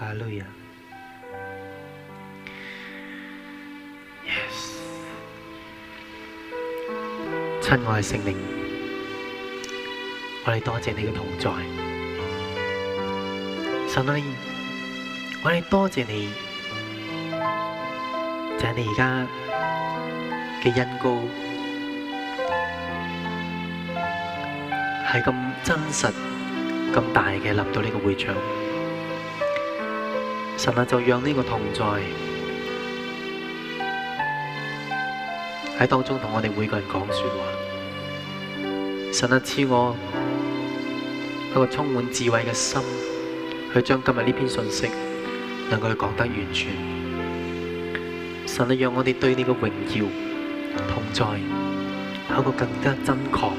啊！咯，呀，yes，親愛嘅聖靈，我哋多謝你嘅同在，神啊！你，我哋多謝你，就係你而家嘅恩膏係咁真實、咁大嘅臨到呢個會場。神啊，就讓呢個同在喺當中同我哋每個人講說話。神啊，賜我一個充滿智慧嘅心，去將今日呢篇信息能夠講得完全。神啊，讓我哋對呢個榮耀同在有一個更加真確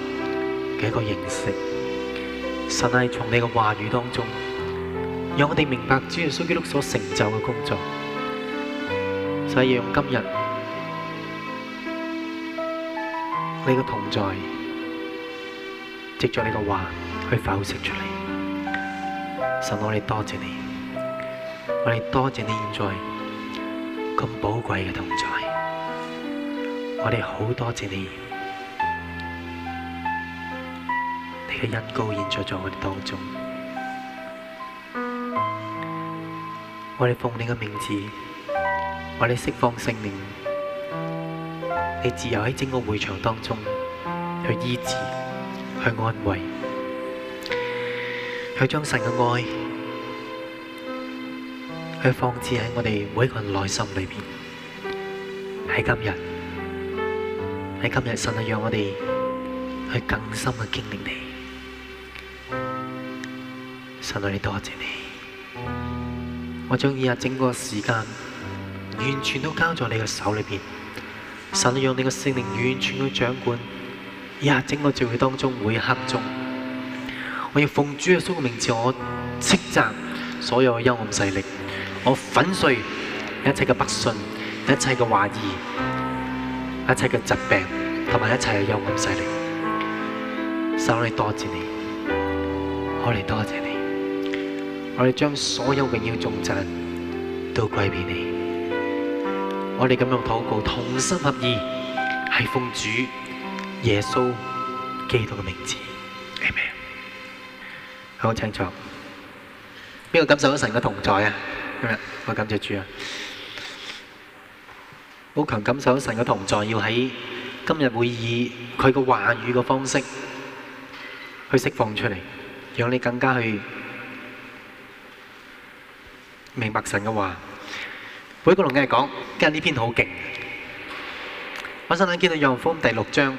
嘅一個認識。神啊，從你嘅話語當中。讓我哋明白主耶穌基督所成就嘅工作，就係、是、讓今日你嘅同在藉助你嘅話去表述出嚟。神，我哋多謝你，我哋多謝你現在咁寶貴嘅同在，我哋好多謝你，你嘅恩膏現在在我哋當中。我哋奉你嘅名字，我哋釋放聖靈，你自由喺整個會場當中去醫治、去安慰、去將神嘅愛去放置喺我哋每一個人內心裏邊。喺今日，喺今日，神啊，讓我哋去更深嘅經歷你。神愛你多謝。我將以下整個時間完全都交在你嘅手裏邊，神讓你嘅聖靈完全去掌管，以下整個聚會當中每一刻鐘。我要奉主耶穌嘅名字，我斥責所有嘅幽暗勢力，我粉碎一切嘅不信、一切嘅懷疑、一切嘅疾病同埋一切嘅幽暗勢力。神，你多謝你，我嚟，多謝你。我哋將所有榮耀頌讚都歸俾你。我哋咁樣禱告，同心合意，係奉主耶穌基督嘅名字。阿門。好，請坐。邊個感受到神嘅同在啊？今日我感謝主啊！好強感受到神嘅同在，要喺今日會以，佢嘅話語嘅方式去釋放出嚟，讓你更加去。明白神嘅話，每一個人都講，今日呢篇好勁。我首先見到《約翰福音》第六章，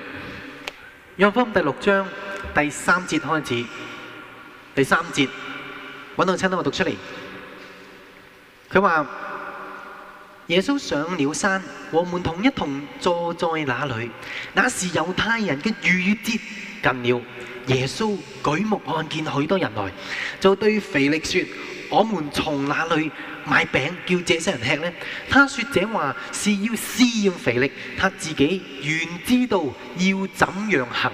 約翰福音第六章第三節開始，第三節，揾到請幫我讀出嚟。佢話，耶穌上了山，和門同一同坐在那裏，那時猶太人嘅逾越節近了，耶穌舉目看見許多人來，就對腓力說，我們從哪裏買餅叫這些人吃呢？他說這話是要試驗腓力，他自己原知道要怎樣行。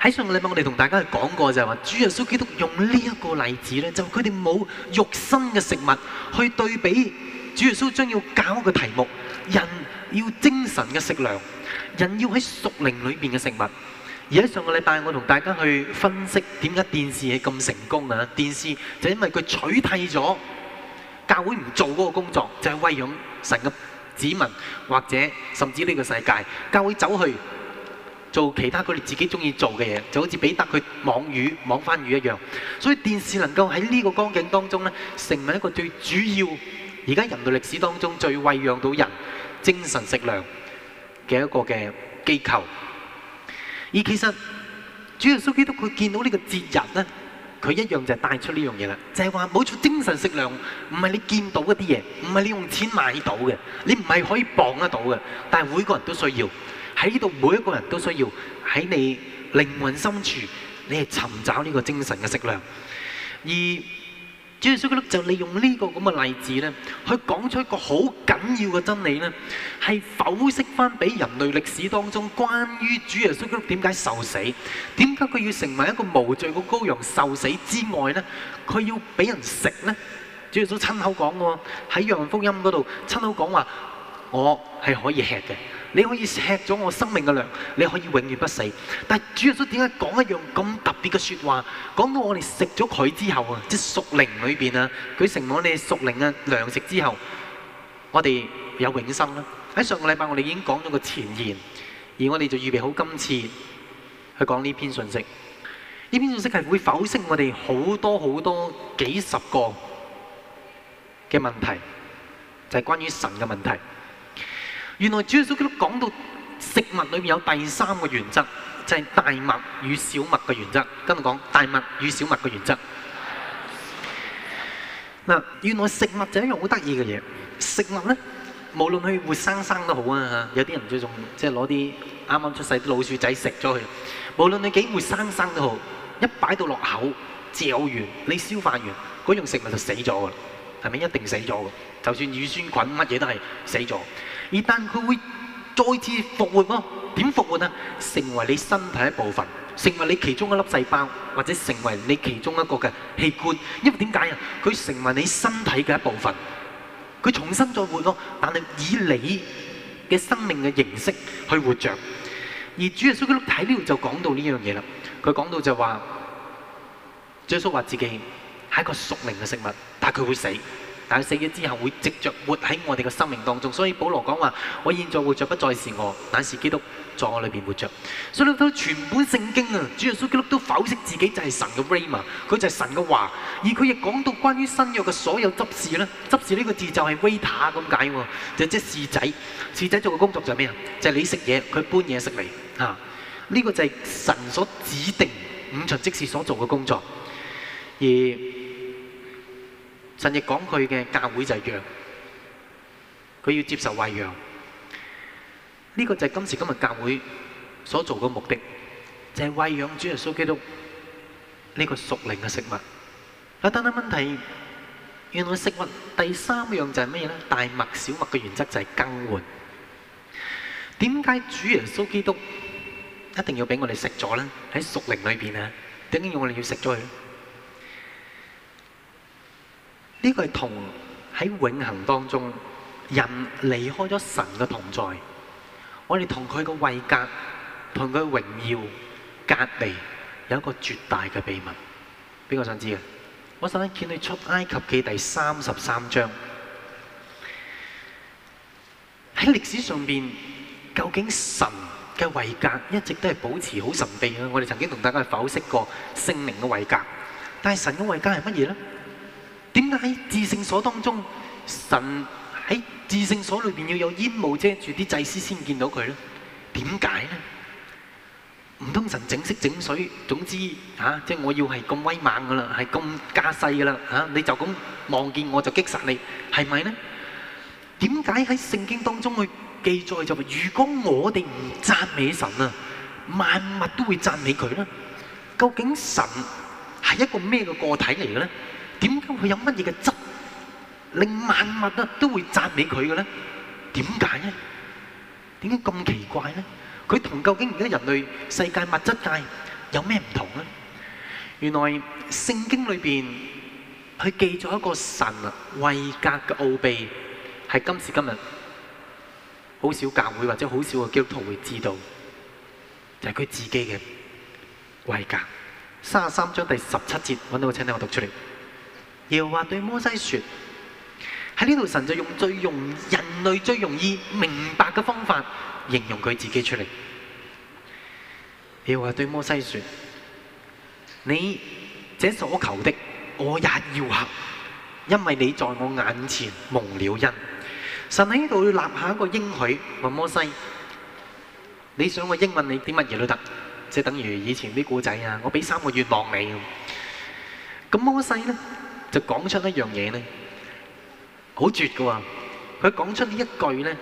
喺上個禮拜我哋同大家講過就係話，主耶穌基督用呢一個例子呢，就佢哋冇肉身嘅食物去對比，主耶穌將要搞嘅題目，人要精神嘅食糧，人要喺屬靈裏面嘅食物。而喺上個禮拜，我同大家去分析點解電視係咁成功啊？電視就因為佢取替咗教會唔做嗰個工作，就係餵養神嘅子民，或者甚至呢個世界，教會走去做其他佢哋自己中意做嘅嘢，就好似彼得佢網魚、網返魚一樣。所以電視能夠喺呢個光景當中咧，成為一個最主要而家人類歷史當中最餵養到人精神食糧嘅一個嘅機構。而其實，主要基督徒佢見到呢個節日咧，佢一樣就帶出呢樣嘢啦，就係話冇錯，精神食糧唔係你見到嗰啲嘢，唔係你用錢買到嘅，你唔係可以綁得到嘅。但係每個人都需要喺度，每一個人都需要喺你靈魂深處，你係尋找呢個精神嘅食糧。而主耶穌基督就利用呢個咁嘅例子咧，去講出一個好緊要嘅真理咧，係剖析返俾人類歷史當中關於主耶穌基督點解受死，點解佢要成為一個無罪嘅羔羊受死之外咧，佢要俾人食咧？主耶穌親口講喎，喺《約翰福音》嗰度親口講話，我係可以吃嘅。你可以吃咗我生命嘅糧，你可以永遠不死。但係主耶穌點解講一樣咁特別嘅說話？講到我哋食咗佢之後啊，即係屬靈裏邊啊，佢承蒙的屬靈啊糧食之後，我哋有永生啦。喺上個禮拜我哋已經講咗個前言，而我哋就預備好今次去講呢篇信息。呢篇信息係會否釋我哋好多好多幾十個嘅問題，就係關於神嘅問題？原來主耶穌基督講到食物裏邊有第三個原則，就係大物與小物嘅原則。跟住講大物與小物嘅原則。嗱，原來食物就係一樣好得意嘅嘢。食物咧，無論佢活生生都好啊，有啲人最中意即係攞啲啱啱出世啲老鼠仔食咗佢。無論你幾活生生都好，一擺到落口嚼完，你消化完，嗰樣食物就死咗㗎啦。係咪一定死咗？就算乳酸菌乜嘢都係死咗。而但佢會再次復活咯？點復活啊？成為你身體一部分，成為你其中一粒細胞，或者成為你其中一個嘅器官。因為點解啊？佢成為你身體嘅一部分，佢重新再活咯。但係以你嘅生命嘅形式去活著。而主耶穌基督喺呢度就講到呢樣嘢啦。佢講到就話，耶穌話自己係一個屬靈嘅食物，但係佢會死。但死咗之後會直着活喺我哋嘅生命當中，所以保羅講話：我現在活着不再是我，乃是基督在我裏邊活着。所以睇到全本聖經啊，主耶穌基督都否識自己就係神嘅 Rhema 嘛，佢就係神嘅話。而佢亦講到關於新約嘅所有執事咧，執事呢個字就係 waiter 咁解，就即侍仔。侍仔做嘅工作就係咩啊？就係、是、你食嘢，佢搬嘢食嚟。啊！呢、這個就係神所指定五旬即士所做嘅工作，而。神亦講佢嘅教會就係羊，佢要接受餵養。呢個就係今時今日教會所做嘅目的，就係餵養主耶穌基督呢個屬靈嘅食物。嗱，但係問題，原來食物第三樣就係乜嘢咧？大麥、小麥嘅原則就係更換。點解主耶穌基督一定要俾我哋食咗咧？喺屬靈裏邊啊，點解要我哋要食咗佢？呢個係同喺永恒當中，人離開咗神嘅同在，我哋同佢個位格、同佢榮耀隔離有一個絕大嘅秘密。邊個想知嘅？我想見你出埃及記第三十三章。喺歷史上邊，究竟神嘅位格一直都係保持好神秘嘅。我哋曾經同大家剖析過聖靈嘅位格，但係神嘅位格係乜嘢呢？點解喺至聖所當中，神喺至聖所裏邊要有煙霧遮住啲祭司先見到佢咧？點解咧？唔通神整色整水？總之吓，即係我要係咁威猛噶啦，係咁加勢噶啦吓，你就咁望見我就擊殺你，係咪咧？點解喺聖經當中去記載就話，如果我哋唔讚美神啊，萬物都會讚美佢咧？究竟神係一個咩嘅個體嚟嘅咧？點解佢有乜嘢嘅質，令萬物啊都會讚美佢嘅咧？點解咧？點解咁奇怪咧？佢同究竟而家人類世界物質界有咩唔同咧？原來聖經裏邊佢記咗一個神啊，位格嘅奧秘，係今時今日好少教會或者好少嘅基督徒會知道，就係佢自己嘅位格。三十三章第十七節，揾到個，請聽我讀出嚟。又話對摩西說喺呢度神就用最用人類最容易明白嘅方法形容佢自己出嚟。又話對摩西說：你這所求的我也要合，因為你在我眼前蒙了恩。神喺呢度要立下一個應許，問摩西：你想我英文，你啲乜嘢都得，即係等於以前啲古仔啊，我俾三個願望你咁。咁摩西呢？就講出一樣嘢咧，好絕㗎喎！佢講出呢一句咧，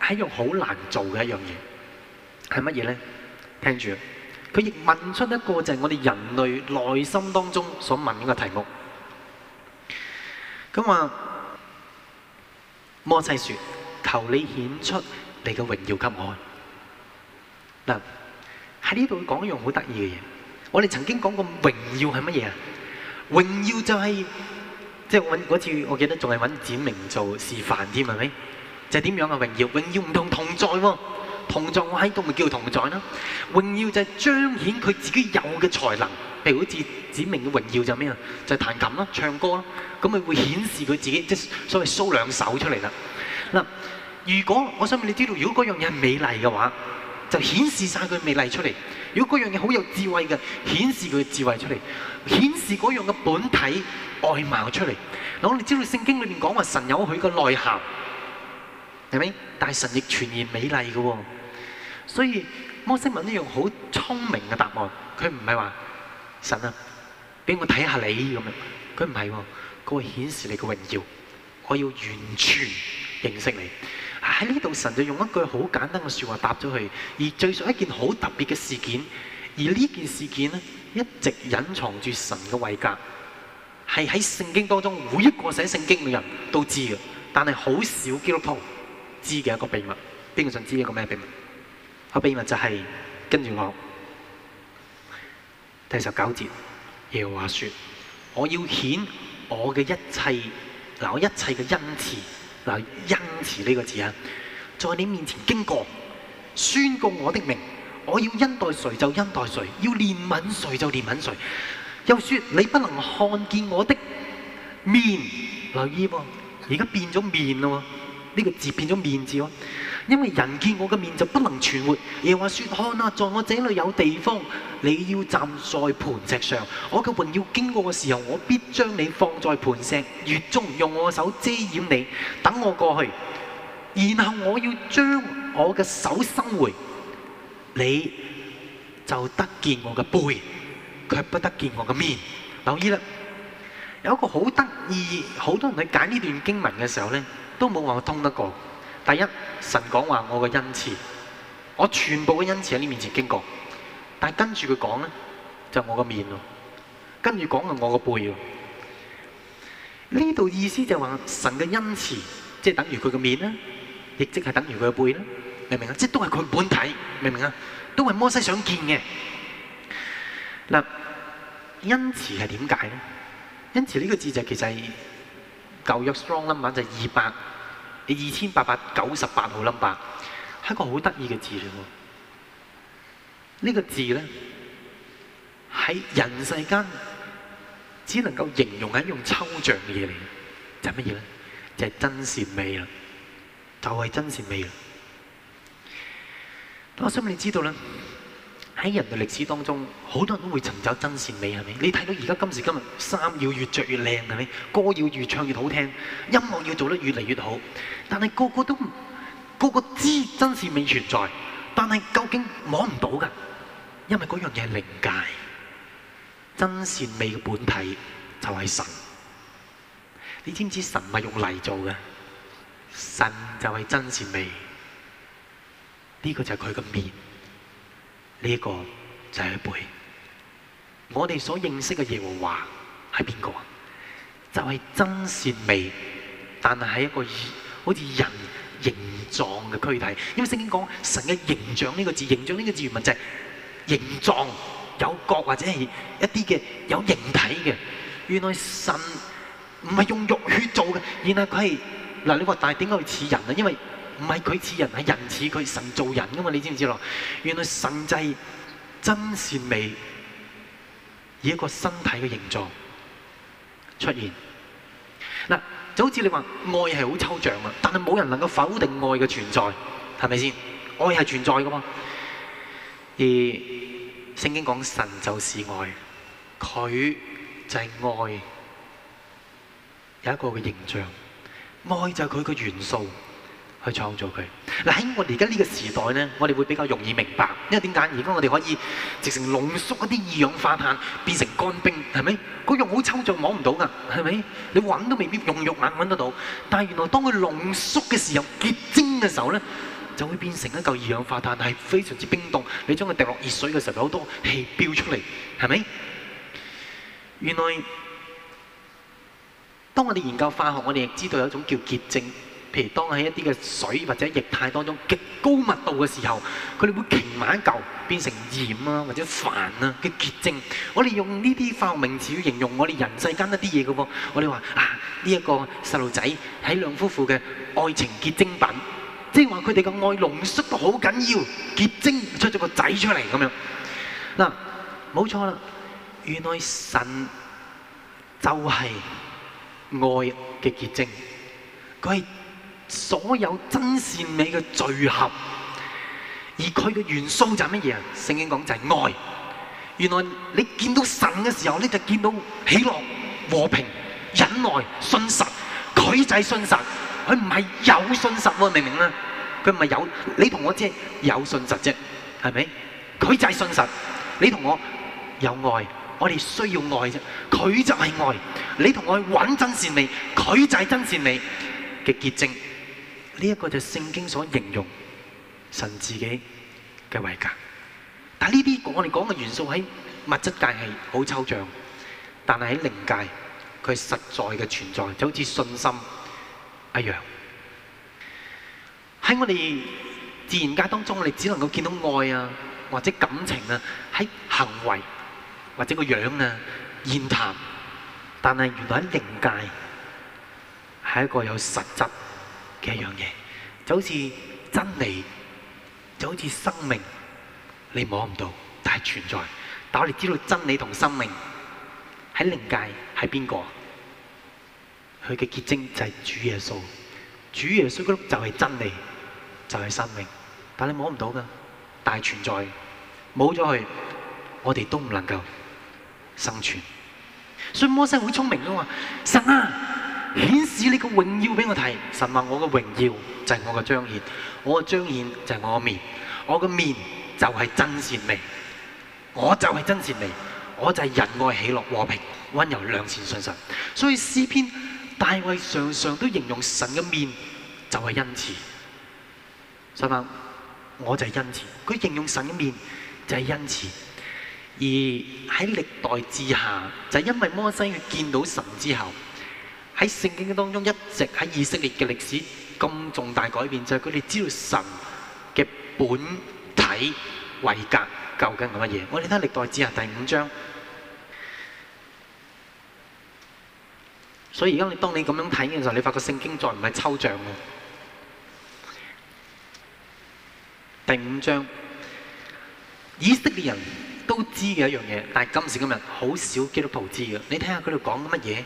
係一樣好難做嘅一樣嘢，係乜嘢咧？聽住，佢亦問出一個就係我哋人類內心當中所問嘅題目。咁話，摩西説：求你顯出你嘅榮耀給我。嗱，喺呢度講一樣好得意嘅嘢，我哋曾經講過榮耀係乜嘢啊？榮耀就係即係我嗰次，我記得仲係揾展明做示範添，係咪？就係、是、點樣啊？榮耀，榮耀唔同同在喎，同在我喺度咪叫同在咯。榮耀就係彰顯佢自己有嘅才能，譬如好似展明嘅榮耀就係咩啊？就係、是、彈琴咯、唱歌咯，咁咪會顯示佢自己即係、就是、所謂 show 兩手出嚟啦。嗱，如果我想問你知道，如果嗰樣嘢係美麗嘅話，就顯示晒佢美麗出嚟；如果嗰樣嘢好有智慧嘅，顯示佢智慧出嚟。顯示嗰樣嘅本體外貌出嚟。嗱，我哋知道聖經裏面講話，神有佢嘅內涵，係咪？但係神亦全然美麗嘅。所以摩西文呢樣好聰明嘅答案，佢唔係話神啊，俾我睇下你咁樣，佢唔係，佢會顯示你嘅榮耀，我要完全認識你。喺呢度神就用一句好簡單嘅說話答咗佢，而最上一件好特別嘅事件，而呢件事件呢。」一直隱藏住神嘅位格，係喺聖經當中每一個寫聖經嘅人都知嘅，但係好少基督徒知嘅一個秘密。邊個想知道一個咩秘密？啊、這個、秘密就係、是、跟住我第十九節耶和華話說，我要顯我嘅一切嗱，我一切嘅恩慈嗱，恩慈呢個字啊，在你面前經過，宣告我的名。我要恩待誰就恩待誰，要憐憫誰就憐憫誰。又説你不能看見我的面，留意喎、哦，而家變咗面喎，呢、這個字變咗面字喎。因為人見我嘅面就不能存活。又話說看啊，在我這裏有地方，你要站在磐石上。我嘅雲要經過嘅時候，我必將你放在磐石穴中，用我嘅手遮掩你，等我過去。然後我要將我嘅手收回。你就得見我嘅背，卻不得見我嘅面。留意啦，有一個好得意，好多人喺解呢段經文嘅時候咧，都冇話我通得過。第一，神講話我嘅恩賜，我全部嘅恩賜喺你面前經過，但係跟住佢講咧，就係我嘅面喎，跟住講係我嘅背喎。呢度意思就話神嘅恩賜，即係等於佢嘅面啦，亦即係等於佢嘅背啦。明唔明啊？即係都係佢本體，明唔明啊？都係摩西想見嘅。嗱，恩慈係點解咧？恩慈呢個字就其實係舊約 strong number 就係二百你二千八百九十八號 number，係一個好得意嘅字嚟嘅。呢、這個字咧，喺人世間只能夠形容一樣抽象嘅嘢嚟，就係乜嘢咧？就係、是、真善美啦，就係、是、真善美啦。我想你知道呢？喺人類歷史當中，好多人都會尋找真善美，係咪？你睇到而家今時今日，衫要越著越靚，係咪？歌要越唱越好聽，音樂要做得越嚟越好，但係個個都唔，個個知真善美存在，但係究竟摸唔到㗎，因為嗰樣嘢係靈界。真善美嘅本體就係神，你知唔知道神唔係用泥做嘅？神就係真善美。呢個就係佢嘅面，呢個就係背。我哋所認識嘅耶和華係邊個啊？就係真善美，但係係一個好似人形狀嘅軀體。因為聖經講神嘅形象呢個字，形象呢個字原文就係形狀，有角或者係一啲嘅有形體嘅。原來神唔係用肉血做嘅，原來佢係，嗱，你話，但係點解會似人啊？因為唔係佢似人，係人似佢，神做人噶嘛。你知唔知道？原來神制真善美，以一個身體嘅形狀出現。嗱，就好似你話愛係好抽象啊，但係沒冇人能夠否定愛嘅存在，係咪先？愛係存在噶嘛。而聖經講神就是愛，佢就係愛有一個嘅形象，愛就係佢嘅元素。去創造佢。喺我哋而家呢個時代呢，我哋會比較容易明白，因為點解？而家我哋可以直成濃縮一啲二氧化碳變成乾冰，係咪？嗰樣好抽象，摸唔到㗎，係咪？你揾都未必用肉眼揾得到。但係原來當佢濃縮嘅時候，結晶嘅時候呢，就會變成一嚿二氧化碳，但係非常之冰凍。你將佢滴落熱水嘅時候，有好多氣飆出嚟，係咪？原來當我哋研究化學，我哋亦知道有一種叫結晶。譬如當喺一啲嘅水或者液態當中極高密度嘅時候，佢哋會凝埋一嚿變成鹽啊或者礬啊嘅結晶。我哋用呢啲化學名詞去形容我哋人世間一啲嘢嘅噃。我哋話啊，呢、這、一個細路仔係兩夫婦嘅愛情結晶品，即係話佢哋嘅愛濃縮得好緊要，結晶出咗個仔出嚟咁樣。嗱、啊，冇錯啦，原來神就係愛嘅結晶，佢係所有真善美嘅聚合，而佢嘅元素就係乜嘢？聖經講就係愛。原來你見到神嘅時候，你就見到喜樂、和平、忍耐、信實。佢就係信實，佢唔係有信實，明唔明啊？佢唔係有，你同我即係有信實啫，係咪？佢就係信實。你同我有愛，我哋需要愛啫。佢就係愛。你同我揾真善美，佢就係真善美嘅結晶。呢一個就聖經所形容神自己嘅位格，但係呢啲我哋講嘅元素喺物質界係好抽象，但係喺靈界佢係實在嘅存在，就好似信心一樣。喺我哋自然界當中，我哋只能夠見到愛啊，或者感情啊，喺行為或者個樣啊、言談，但係原來喺靈界係一個有實質。一樣嘢就好似真理，就好似生命，你摸唔到，但係存在。但係我哋知道真理同生命喺靈界係邊個？佢嘅結晶就係主耶穌，主耶穌就係真理，就係、是、生命。但係你摸唔到噶，但係存在。冇咗佢，我哋都唔能夠生存。所以魔神好聰明噶嘛，神啊！顯示你個榮耀俾我睇，神話我個榮耀就係我個彰顯，我個彰顯就係我個面，我個面就係真善美，我就係真善美，我就係仁愛喜樂和平溫柔良善信神。所以詩篇大衛常常都形容神嘅面就係恩慈，神啊，我就係恩慈。佢形容神嘅面就係恩慈，而喺歷代之下，就係、因為摩西佢見到神之後。喺聖經嘅當中，一直喺以色列嘅歷史咁重大改變，就係佢哋知道神嘅本體位格究竟係乜嘢。我哋睇歷代志下第五章，所以而家你當你咁樣睇嘅時候，你發覺聖經再唔係抽象嘅。第五章，以色列人都知嘅一樣嘢，但係今時今日好少基督徒知嘅。你睇下佢哋講乜嘢？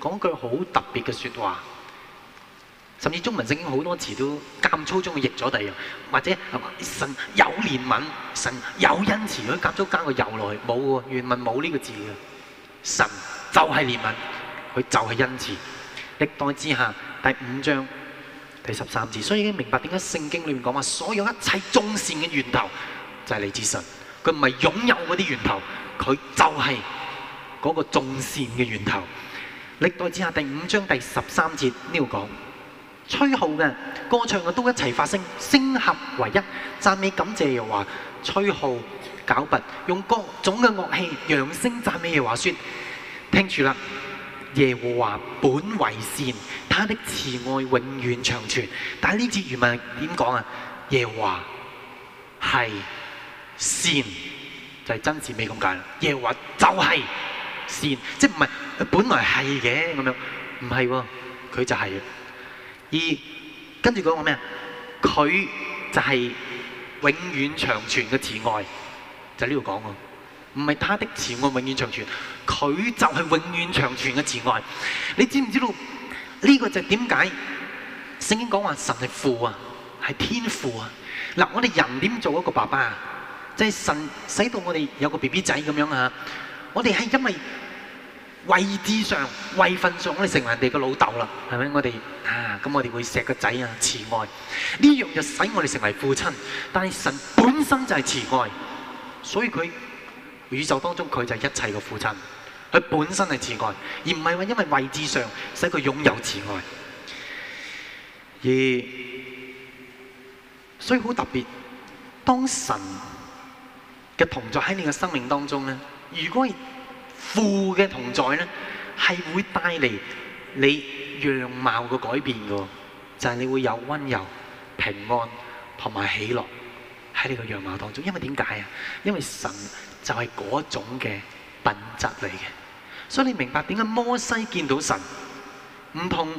講句好特別嘅説話，甚至中文聖經好多詞都夾粗中去譯咗第二，或者說神有憐憫，神有恩慈，佢夾粗加個由落去，冇喎，原文冇呢個字嘅。神就係憐憫，佢就係恩慈。歷代志下第五章第十三節，所以已經明白點解聖經裏面講話，所有一切眾善嘅源頭就係嚟自神，佢唔係擁有嗰啲源頭，佢就係嗰個眾善嘅源頭。歷代志下第五章第十三節呢度講，吹號嘅、歌唱嘅都一齊發聲，聲合為一，讚美感謝耶和華。吹號、敲鈸，用各種嘅樂器揚聲讚美耶和華。説，聽住啦，耶和華本為善，他的慈愛永遠長存。但係呢節原文點講啊？耶和華係善，就係、是、真善美咁解，單。耶和華就係、是。善，即係唔係本來係嘅咁樣，唔係佢就係。而跟住講個咩啊？佢就係永遠長存嘅慈愛，就喺呢度講喎。唔係他的慈愛永遠長存，佢就係永遠長存嘅慈愛。你知唔知道呢個就係點解聖經講話神係父啊，係天父啊？嗱，我哋人點做一個爸爸啊？即係神使到我哋有個 BB 仔咁樣啊？我哋係因為位置上、位份上，我哋成為人哋嘅老豆啦，係咪？我哋啊，咁我哋會錫個仔啊，慈愛呢樣就使我哋成為父親。但係神本身就係慈愛，所以佢宇宙當中佢就係一切嘅父親，佢本身係慈愛，而唔係話因為位置上使佢擁有慈愛。而所以好特別，當神嘅同在喺你嘅生命當中呢。如果父嘅同在咧，係會帶嚟，你樣貌嘅改變噶，就係、是、你會有溫柔、平安同埋喜樂喺你個樣貌當中。因為點解啊？因為神就係嗰種嘅品質嚟嘅，所以你明白點解摩西見到神唔同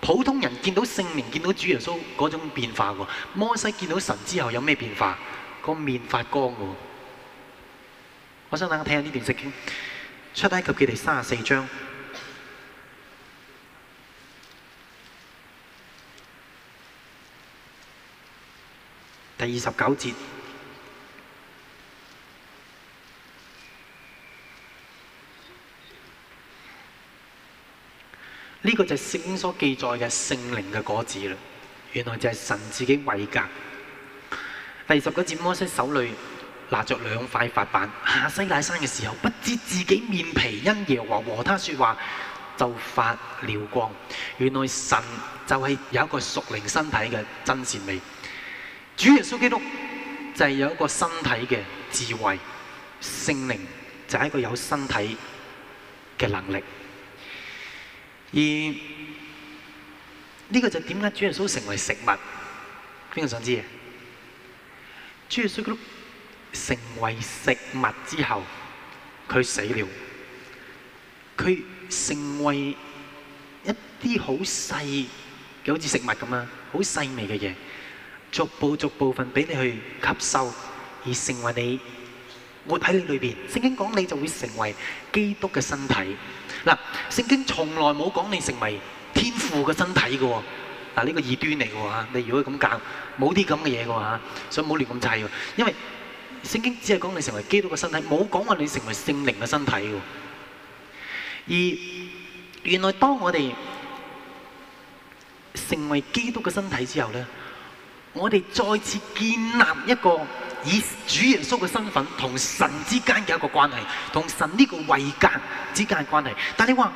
普通人見到聖名、見到主耶穌嗰種變化喎？摩西見到神之後有咩變化？個面發光噶。我想等我睇下呢段聖經，出埃及記第三十四章第二十九節，呢個就係聖經所記載嘅聖靈嘅果子啦。原來就係神自己為格。第二十九節，摩西手裏。拿着兩塊法板下西奈山嘅時候，不知自己面皮因耶和華和他說話就發了光。原來神就係有一個屬靈身體嘅真善美。主耶穌基督就係有一個身體嘅智慧，聖靈就係一個有身體嘅能力。而呢、這個就點解主耶穌成為食物？邊個想知？主耶穌基督。成為食物之後，佢死了。佢成為一啲好細嘅，好似食物咁啊，好細微嘅嘢，逐步逐部分俾你去吸收，而成為你活喺你裏邊。聖經講你就會成為基督嘅身體。嗱，聖經從來冇講你成為天父嘅身體嘅。嗱，呢個異端嚟嘅吓，你如果咁搞，冇啲咁嘅嘢嘅吓，所以唔好亂咁砌，因為。聖經只係講你成為基督嘅身體，冇講話你成為聖靈嘅身體嘅。而原來當我哋成為基督嘅身體之後呢，我哋再次建立一個以主耶穌嘅身份同神之間嘅一個關係，同神呢個位格之間嘅關係。但係你話，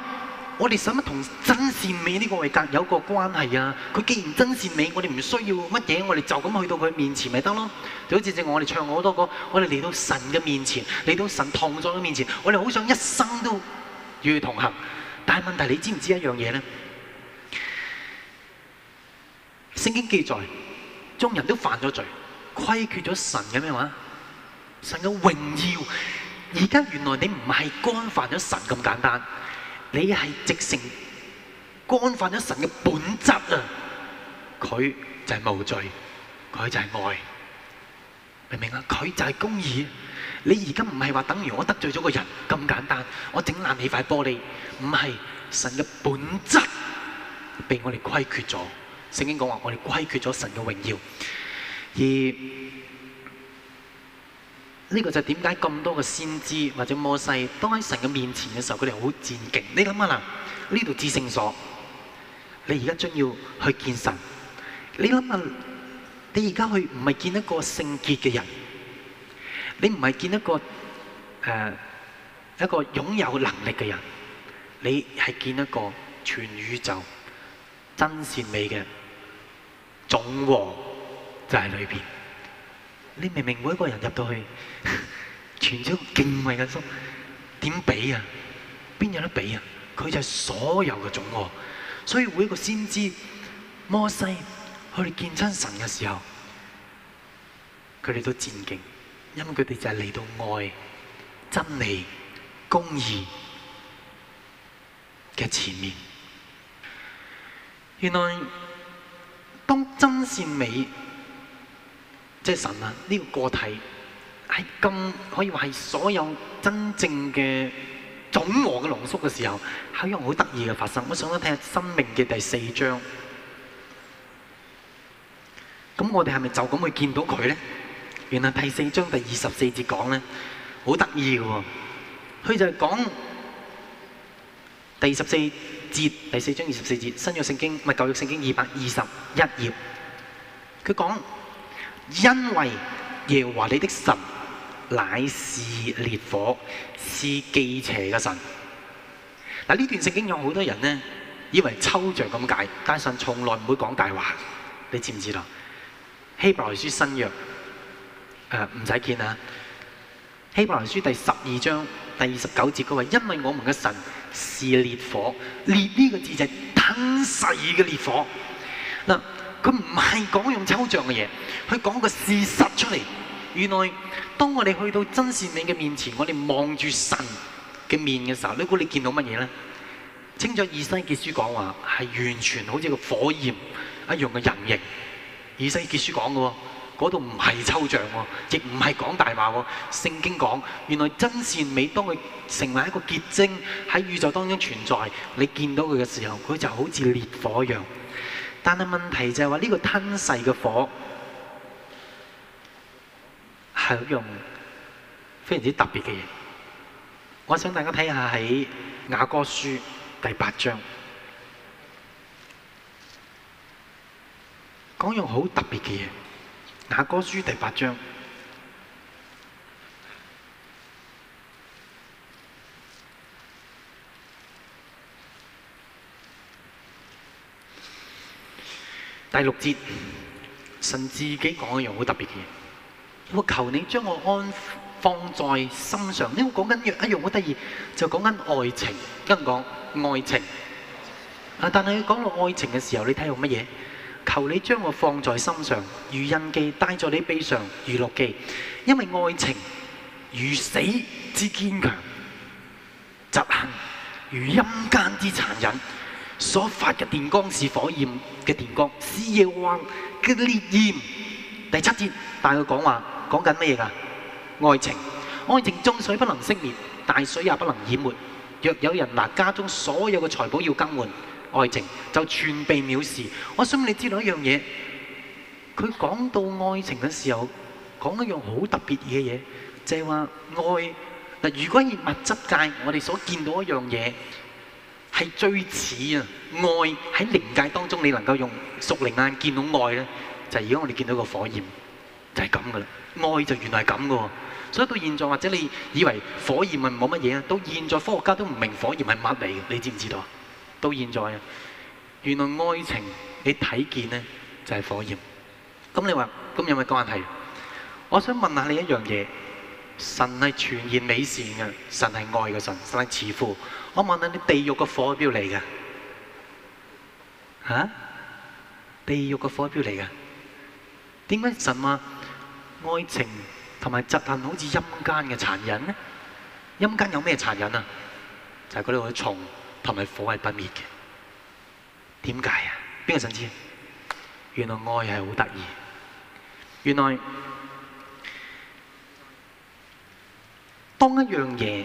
我哋使乜同真善美呢個位格有個關係啊？佢既然真善美，我哋唔需要乜嘢，我哋就咁去到佢面前咪得咯？就好似正我哋唱好多歌，我哋嚟到神嘅面前，嚟到神同在嘅面前，我哋好想一生都與佢同行。但係問題，你知唔知一樣嘢咧？聖經記載，眾人都犯咗罪，虧缺咗神嘅咩話？神嘅榮耀，而家原來你唔係干犯咗神咁簡單。你係直情干犯咗神嘅本質啊！佢就係無罪，佢就係愛，明唔明啊？佢就係公義。你而家唔係話等於我得罪咗個人咁簡單，我整爛你塊玻璃，唔係，神嘅本質被我哋虧缺咗。聖經講話我哋虧缺咗神嘅榮耀，而。呢個就係點解咁多嘅先知或者摩西都喺神嘅面前嘅時候，佢哋好戰兢。你諗下啦，呢度至聖所，你而家將要去見神。你諗下，你而家去唔係見一個聖潔嘅人，你唔係見一個、呃、一個擁有能力嘅人，你係見一個全宇宙真善美嘅總和就喺、是、裏.你明明，每一個人入到去，存着敬畏嘅心，點比啊？邊有得俾啊？佢就是所有嘅總和，所以每一個先知摩西去見親神嘅時候，佢哋都戰驚，因為佢哋就係嚟到愛、真理、公義嘅前面。原來當真善美。即係神啊！呢個個體係咁可以話係所有真正嘅總和嘅濃縮嘅時候，係一樣好得意嘅發生。我想睇下生命嘅第四章，咁我哋係咪就咁去見到佢咧？原來第四章第二十四節講咧，好得意嘅喎。佢就係講第二十四節，第四章二十四節，新約聖經唔係舊約聖經二百二十一頁，佢講。因為耶和華你的神乃是烈火，是忌邪嘅神。嗱，呢段聖經有好多人呢，以為抽象咁解，但係神從來唔會講大話，你知唔知咯？希伯來書新約，唔、呃、使見啊，希伯來書第十二章第二十九節，佢話：因為我們嘅神是烈火，烈呢個字就係吞噬嘅烈火。嗱、呃。佢唔係講用抽象嘅嘢，佢講個事實出嚟。原來當我哋去到真善美嘅面前，我哋望住神嘅面嘅時候，你估你見到乜嘢呢？清咗以西結書講話係完全好似個火焰一樣嘅人形。以西結書講嘅喎，嗰度唔係抽象喎，亦唔係講大話喎。聖經講，原來真善美當佢成為一個結晶喺宇宙當中存在，你見到佢嘅時候，佢就好似烈火一樣。但係問題就係話呢個吞噬嘅火係一樣非常之特別嘅嘢，我想大家睇下喺雅歌書第八章講一樣好特別嘅嘢，雅歌書第八章。第六節，神自己講一樣好特別嘅嘢，我求你將我安放在心上，你為講緊一樣一樣好得意，就講緊愛情。今日講愛情，啊！但係講到愛情嘅時候，你睇到乜嘢？求你將我放在心上，如印記帶在你背上，如烙記，因為愛情如死之堅強，嫉恨如陰間之殘忍。所發嘅電光是火焰嘅電光，是耶和華嘅烈焰。第七節，但係佢講話講緊咩㗎？愛情，愛情眾水不能熄滅，大水也不能淹沒。若有人拿家中所有嘅財寶要更換，愛情就全被藐視。我想你知道一樣嘢，佢講到愛情嘅時候，講一樣好特別嘅嘢，就係話愛嗱。如果係物質界，我哋所見到一樣嘢。係最似啊！愛喺靈界當中，你能夠用熟靈眼見到愛咧，就係而家我哋見到個火焰，就係咁噶啦。愛就原來係咁噶喎。所以到現在，或者你以為火焰係冇乜嘢啊？到現在科學家都唔明火焰係乜嚟嘅，你知唔知道啊？到現在啊，原來愛情你睇見咧就係火焰。咁你話咁有咩關係？我想問下你一樣嘢，神係全然美善嘅，神係愛嘅神，神係慈父。我問你：地獄個火標嚟嘅，吓？地獄個火標嚟嘅，點解神話愛情同埋嫉恨好似陰間嘅殘忍呢？陰間有咩殘忍啊？就係嗰啲蟲同埋火係不滅嘅。點解？邊個神知道？原來愛係好得意。原來當一樣嘢。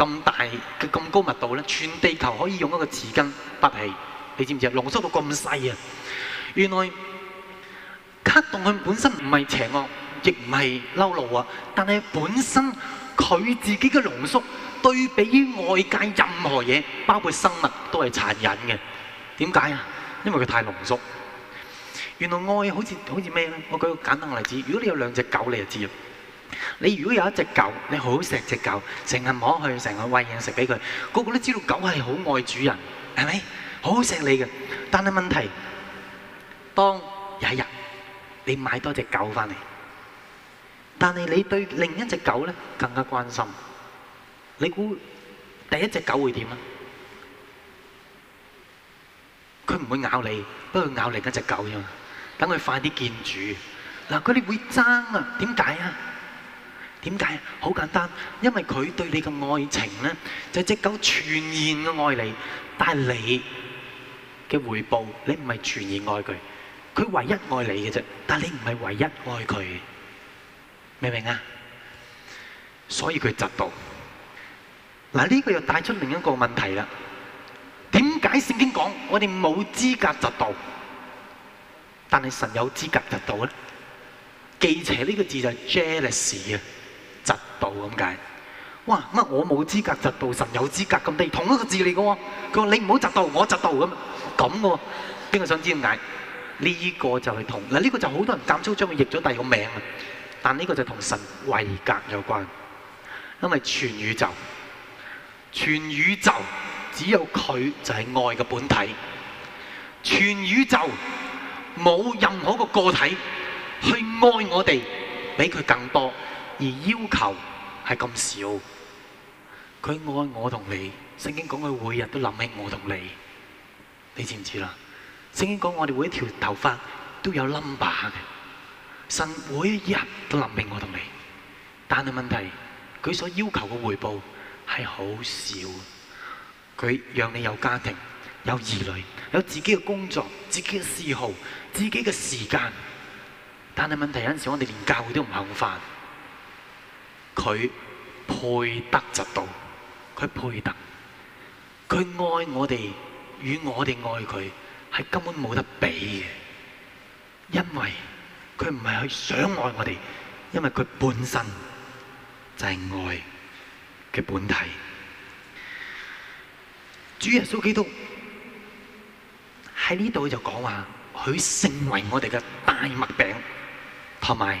咁大嘅咁高密度咧，全地球可以用一個紙巾吸起，你知唔知啊？濃縮到咁細啊！原來黑洞佢本身唔係邪惡，亦唔係嬲怒啊，但係本身佢自己嘅濃縮對比於外界任何嘢，包括生物都係殘忍嘅。點解啊？因為佢太濃縮。原來愛好似好似咩咧？我舉個簡單嘅例子，如果你有兩隻狗，你就知啦。你如果有一隻狗，你好錫隻狗，成日摸佢，成日餵嘢食畀佢，個個都知道狗係好愛主人，係咪好錫你嘅？但係問題，當有一日你買多隻狗返嚟，但係你對另一隻狗咧更加關心，你估第一隻狗會點啊？佢唔會咬你，不過咬另一隻狗啫嘛，等佢快啲見主嗱，佢哋會爭啊？點解啊？點解？好簡單，因為佢對你嘅愛情呢，就係隻狗全然嘅愛你，但係你嘅回報，你唔係全然愛佢，佢唯一愛你嘅啫，但係你唔係唯一愛佢，明唔明啊？所以佢嫉妒。嗱，呢個又帶出另一個問題啦。點解聖經講我哋冇資格嫉妒，但係神有資格嫉妒咧？忌邪呢個字就係 jealousy 啊。嫉妒咁解，哇乜我冇資格嫉妒神有資格地？有資格咁地同一個字嚟嘅喎。佢話你唔好嫉妒，我嫉妒咁咁喎。邊個想知點解？呢、這個就係同嗱呢、啊這個就好多人揀粗章將佢譯咗，第二個名啊。但呢個就同神位格有關的，因為全宇宙，全宇宙只有佢就係愛嘅本體，全宇宙冇任何個個體去愛我哋比佢更多。而要求係咁少，佢愛我同你，聖經講佢每日都諗起我同你，你知唔知啦？聖經講我哋每一條頭髮都有 number 嘅，神每一日都諗起我同你，但係問題佢所要求嘅回報係好少，佢讓你有家庭、有兒女、有自己嘅工作、自己嘅嗜好、自己嘅時間，但係問題有陣時我哋連教會都唔肯返。佢配得就到，佢配得，佢愛我哋與我哋愛佢係根本冇得比嘅，因為佢唔係去想愛我哋，因為佢本身就係愛嘅本體。主耶穌基督喺呢度就講話，佢成為我哋嘅大麥餅同埋。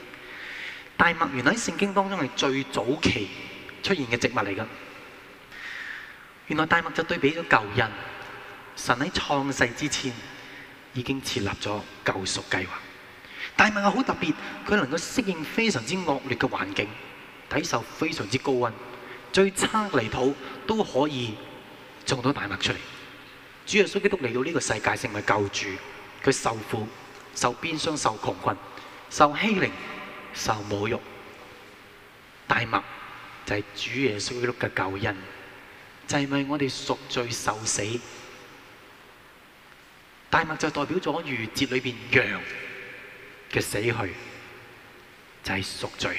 大麥原喺聖經當中係最早期出現嘅植物嚟噶。原來大麥就對比咗舊人，神喺創世之前已經設立咗救贖計劃。大麥係好特別，佢能夠適應非常之惡劣嘅環境，抵受非常之高溫，最差泥土都可以種到大麥出嚟。主耶穌基督嚟到呢個世界成為救主，佢受苦、受鞭傷、受窮困、受欺凌。受侮辱，大麥就係主耶穌嗰嘅救恩，就係、是、為我哋贖罪受死。大麥就代表咗逾節裏面羊嘅死去，就係、是、贖罪，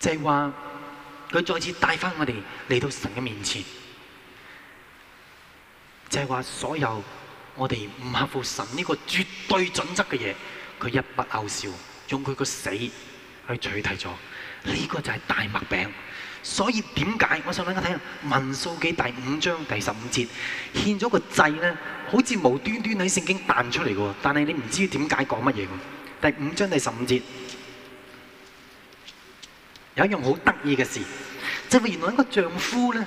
就係話佢再次帶返我哋嚟到神嘅面前，就係、是、話所有我哋唔合乎神呢個絕對準則嘅嘢，佢一筆勾銷。用佢個死去取替咗，呢個就係大麥餅。所以點解？我想大家睇下《民數記》第五章第十五節，獻咗個祭咧，好似無端端喺聖經彈出嚟嘅，但係你唔知點解講乜嘢？第五章第十五節有一樣好得意嘅事，就係原來一個丈夫呢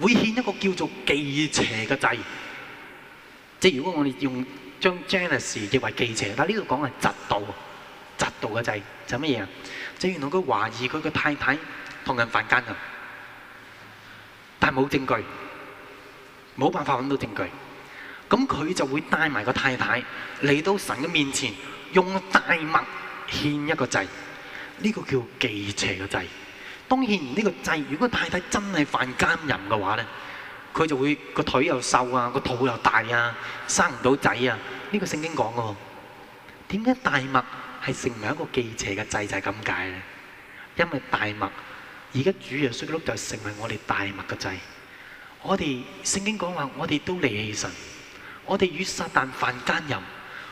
會獻一個叫做忌邪嘅祭，即如果我哋用將 j a n i c e s 譯為忌邪，但呢度講係嫉妒。嫉妒嘅祭，就係乜嘢啊？就原來佢懷疑佢嘅太太同人犯奸淫，但係冇證據，冇辦法揾到證據，咁佢就會帶埋個太太嚟到神嘅面前，用大麥獻一個祭，呢個叫忌邪嘅祭。當然，呢個祭如果太太真係犯奸淫嘅話咧，佢就會個腿又瘦啊，個肚又大啊，生唔到仔啊。呢個聖經講嘅，點解大麥？係成為一個忌邪嘅祭就係咁解嘅，因為大麥而家主耶穌基督就成為我哋大麥嘅祭。我哋聖經講話，我哋都離棄神，我哋與撒旦犯奸淫，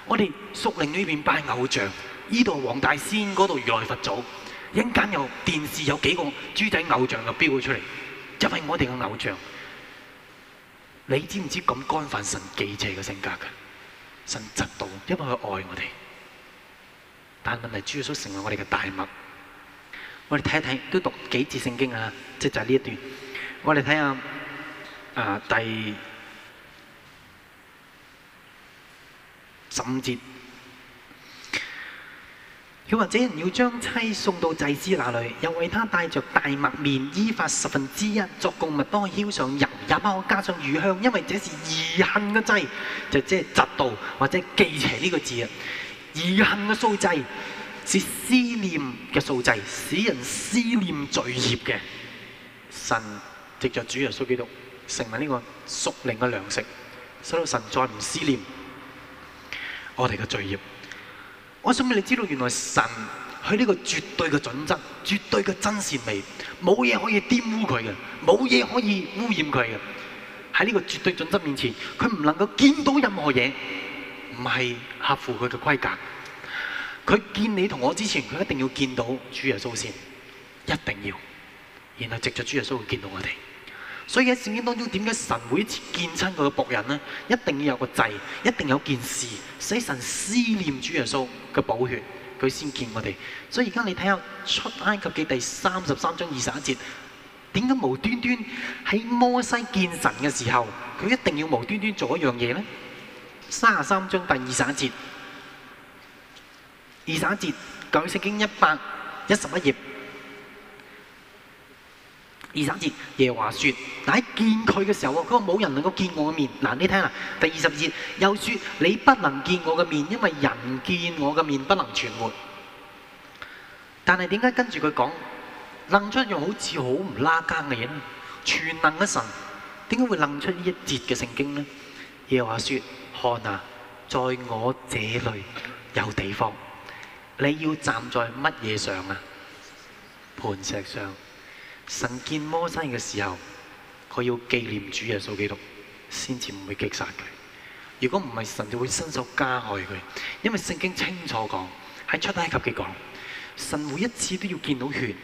我哋屬靈呢邊拜偶像，呢度黃大仙，嗰度如來佛祖，一陣間有電視有幾個豬仔偶像就飆咗出嚟，就係我哋嘅偶像，你知唔知咁干犯神忌邪嘅性格噶？神嫉妒，因為佢愛我哋。但問題，豬肜成為我哋嘅大麥。我哋睇一睇，都讀幾節聖經啊，即係就呢一段。我哋睇下誒第十五節。佢或者人要將妻送到祭司那裡，又為他帶著大麥麵、伊法十分之一作供物，幫佢澆上油，也幫佢加上乳香，因為這是疑恨嘅祭，就即係嫉妒或者忌邪呢個字啊。而幸嘅數祭是思念嘅數祭，使人思念罪孽嘅。神藉着主耶穌基督成為呢個屬靈嘅糧食，使到神再唔思念我哋嘅罪孽。我想俾你知道，原來神佢呢個絕對嘅準則、絕對嘅真善美，冇嘢可以玷污佢嘅，冇嘢可以污染佢嘅。喺呢個絕對準則面前，佢唔能夠見到任何嘢，唔係合乎佢嘅規格，佢見你同我之前，佢一定要見到主耶穌先，一定要，然後藉着主耶穌會見到我哋。所以喺聖經當中，點解神每一次見親佢嘅僕人呢？一定要有個祭，一定有件事，使神思念主耶穌嘅寶血，佢先見我哋。所以而家你睇下出埃及記第三十三章二十一節，點解無端端喺摩西見神嘅時候，佢一定要無端端做一樣嘢呢？三十三章第二十一節，二十一節《舊聖經》一百一十一頁。二十一節耶華說：，喺見佢嘅時候，佢話冇人能夠見我嘅面。嗱，你聽啊，第二十二節又說：，你不能見我嘅面，因為人見我嘅面不能存活。但係點解跟住佢講，楞出一樣好似好唔拉更嘅嘢？全能嘅神，點解會楞出呢一節嘅聖經呢？」耶華說。看啊，在我這裏有地方，你要站在乜嘢上啊？磐石上。神見魔生嘅時候，佢要紀念主耶穌基督，先至唔會擊殺佢。如果唔係，神就會伸手加害佢。因為聖經清楚講，喺出埃及記講，神每一次都要見到血。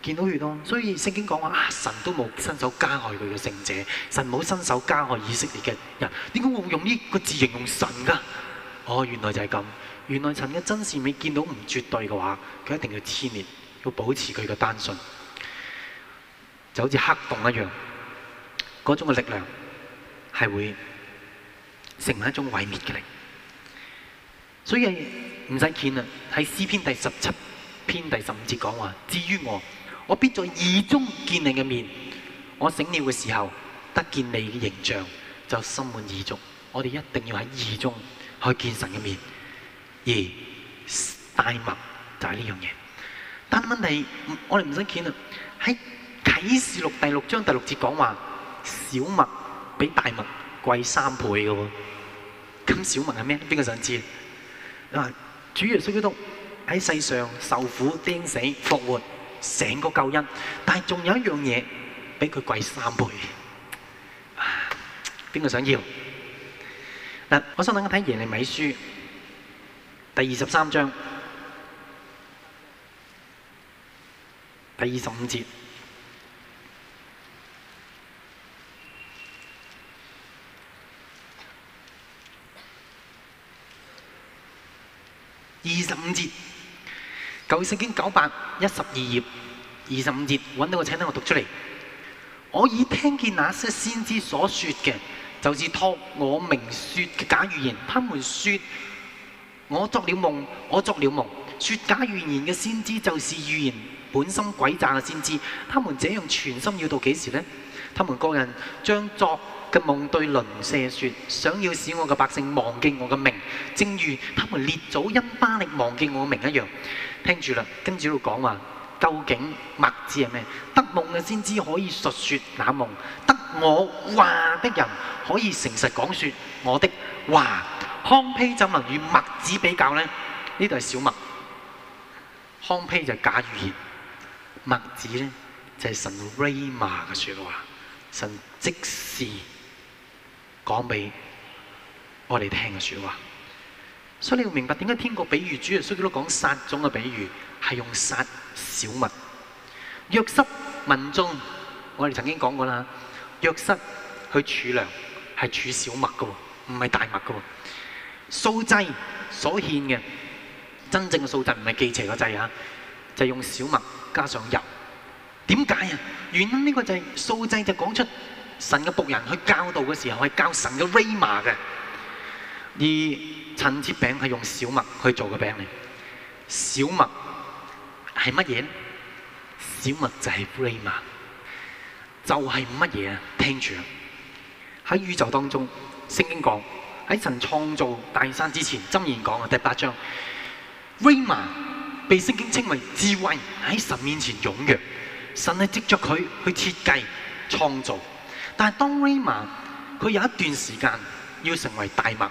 見到血咯，所以聖經講話啊，神都冇伸手加害佢嘅聖者，神冇伸手加害以色列嘅人。點解我我用呢個字形容神㗎？哦，原來就係咁。原來神嘅真善美見到唔絕對嘅話，佢一定要黐念，要保持佢嘅單純，就好似黑洞一樣，嗰種嘅力量係會成為一種毀滅嘅力。所以唔使見啦，喺詩篇第十七篇第十五節講話，至於我。我必在意中見你嘅面，我醒了嘅時候得見你嘅形象，就心滿意足。我哋一定要喺意中去見神嘅面，而大麥就係呢樣嘢。但問題，我哋唔使見啦。喺啟示錄第六章第六節講話，小麥比大麥貴三倍嘅喎。咁小麥係咩？邊個想知啊？主耶穌基督喺世上受苦、釘死、復活。成個救恩，但係仲有一樣嘢比佢貴三倍，邊個想要？嗱，我想等我睇耶利米書第二十三章第二十五節，二十五節。舊，聖經九百一十二頁，二十五節揾到個請單，我讀出嚟。我已聽見那些先知所説嘅，就是託我名說嘅假預言。他們説我作了夢，我作了夢。説假預言嘅先知，就是預言本身鬼詐嘅先知。他們這樣全心要到幾時呢？」他們各人將作嘅夢對鄰舍説，想要使我嘅百姓忘記我嘅名，正如他們列祖因巴力忘記我嘅名一樣。聽住啦，跟住喺度講話，究竟麥子係咩？得夢嘅先知可以述說那夢，得我話的人可以誠實講說，說我的話。糠秕怎能與麥子比較呢？呢度係小麥，糠秕就假預言，麥子呢就係神威罵嘅說話，神即時講畀我哋聽嘅說話。所以你要明白點解天國比喻，主耶穌都講撒種嘅比喻係用撒小麥，若失民眾，我哋曾經講過啦，若失去儲糧係儲小麥嘅，唔係大麥嘅。素祭所獻嘅真正嘅素祭唔係祭邪個祭啊，就係用小麥加上油。點解啊？原因呢個就係素祭就講出神嘅僕人去教導嘅時候係教神嘅 rema 嘅，而陳設餅是用小麥去做嘅餅嚟，小麥係乜嘢？小麥就是 Rayma，就是乜嘢啊？聽住啊！喺宇宙當中，聖經講喺神創造大山之前，箴言講的第八章，Rayma 被聖經稱為智慧喺神面前踴躍，神係藉着佢去設計創造，但係當 Rayma 佢有一段時間要成為大麥。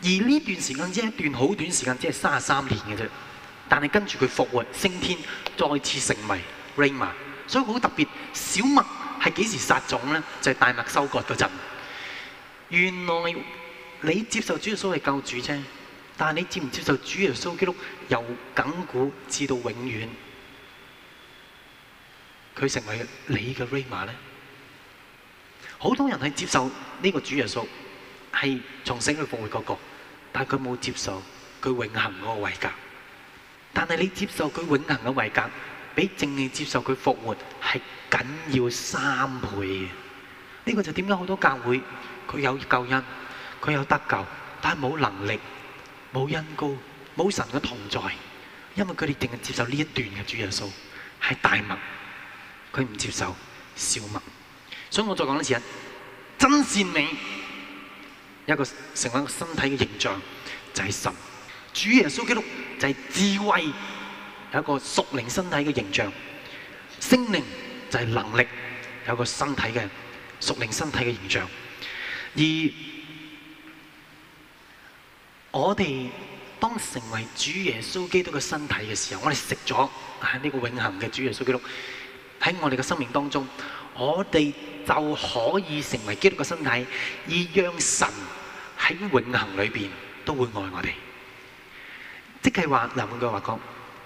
而呢段時間，一段好短時間，只係三十三年嘅啫。但係跟住佢復活、升天，再次成為 Rayma，所以好特別。小麥係幾時撒種呢？就係、是、大麥收割嗰陣。原來你接受主耶穌係救主啫，但係你接唔接受主耶穌基督由亙古至到永遠，佢成為你嘅 Rayma 呢？好多人係接受呢個主耶穌，係重新去復活嗰個但係佢冇接受佢永恒嗰個位格，但係你接受佢永恒嘅位格，比淨係接受佢復活係緊要三倍嘅。呢、呢個就點解好多教會佢有救恩，佢有得救，但係冇能力，冇恩膏，冇神嘅同在，因為佢哋淨係接受呢一段嘅主耶穌係大麥，佢唔接受小麥。所以我再講一次啊，真善美。一個成為一個身體嘅形象就係神，主耶穌基督就係智慧，有一個屬靈身體嘅形象，聖靈就係能力，有一個身體嘅屬靈身體嘅形象。而我哋當成為主耶穌基督嘅身體嘅時候，我哋食咗啊呢個永恆嘅主耶穌基督喺我哋嘅生命當中，我哋就可以成為基督嘅身體，而讓神。喺永恒裏邊都會愛我哋，即係話，嗱，換句話講，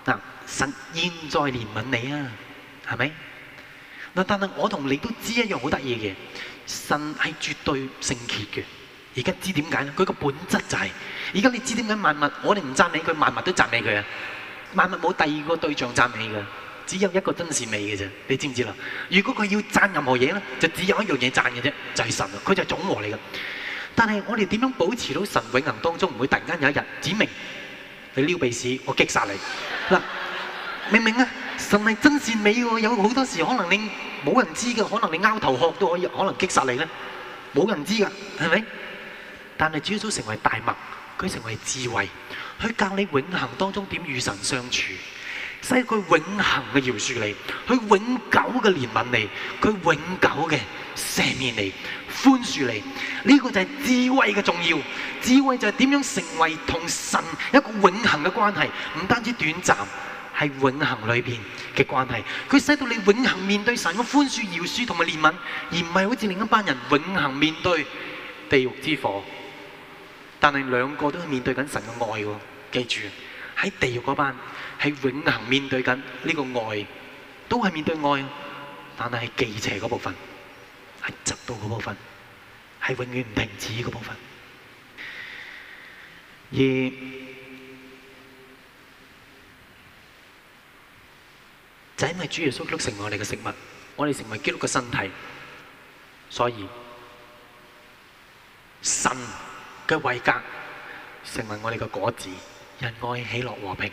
嗱，神現在憐憫你啊，係咪？嗱，但係我同你都知一樣好得意嘅，神係絕對聖潔嘅。而家知點解咧？佢個本質就係，而家你知點解萬物？我哋唔讚美佢，萬物都讚美佢啊！萬物冇第二個對象讚美嘅，只有一個真善美嘅啫。你知唔知啦？如果佢要讚任何嘢咧，就只有一樣嘢讚嘅啫，就係神啊！佢就係總和嚟噶。但係我哋點樣保持到神永恒當中唔會突然間有一日指明你撩鼻屎，我擊殺你嗱？明唔明啊？神係真善美喎，有好多時可能你冇人知嘅，可能你拗頭殼都可以，可能擊殺你咧，冇人知噶，係咪？但係主所成為大物，佢成為智慧，去教你永恒當中點與神相處，使佢永恒嘅饒恕你，佢永久嘅憐憫你，佢永久嘅赦免你。寬恕你，呢個就係智慧嘅重要。智慧就係點樣成為同神一個永恆嘅關係，唔單止短暫，係永恆裏邊嘅關係。佢使到你永恆面對神嘅寬恕、饒恕同埋憐憫，而唔係好似另一班人永恆面對地獄之火。但係兩個都係面對緊神嘅愛喎，記住喺地獄嗰班係永恆面對緊呢個愛，都係面對愛，但係係忌邪嗰部分。係執到嗰部分，係永遠唔停止嗰部分。而就因為主耶穌基督成為我哋嘅食物，我哋成為基督嘅身體，所以神嘅位格成為我哋嘅果子，仁愛、喜樂、和平。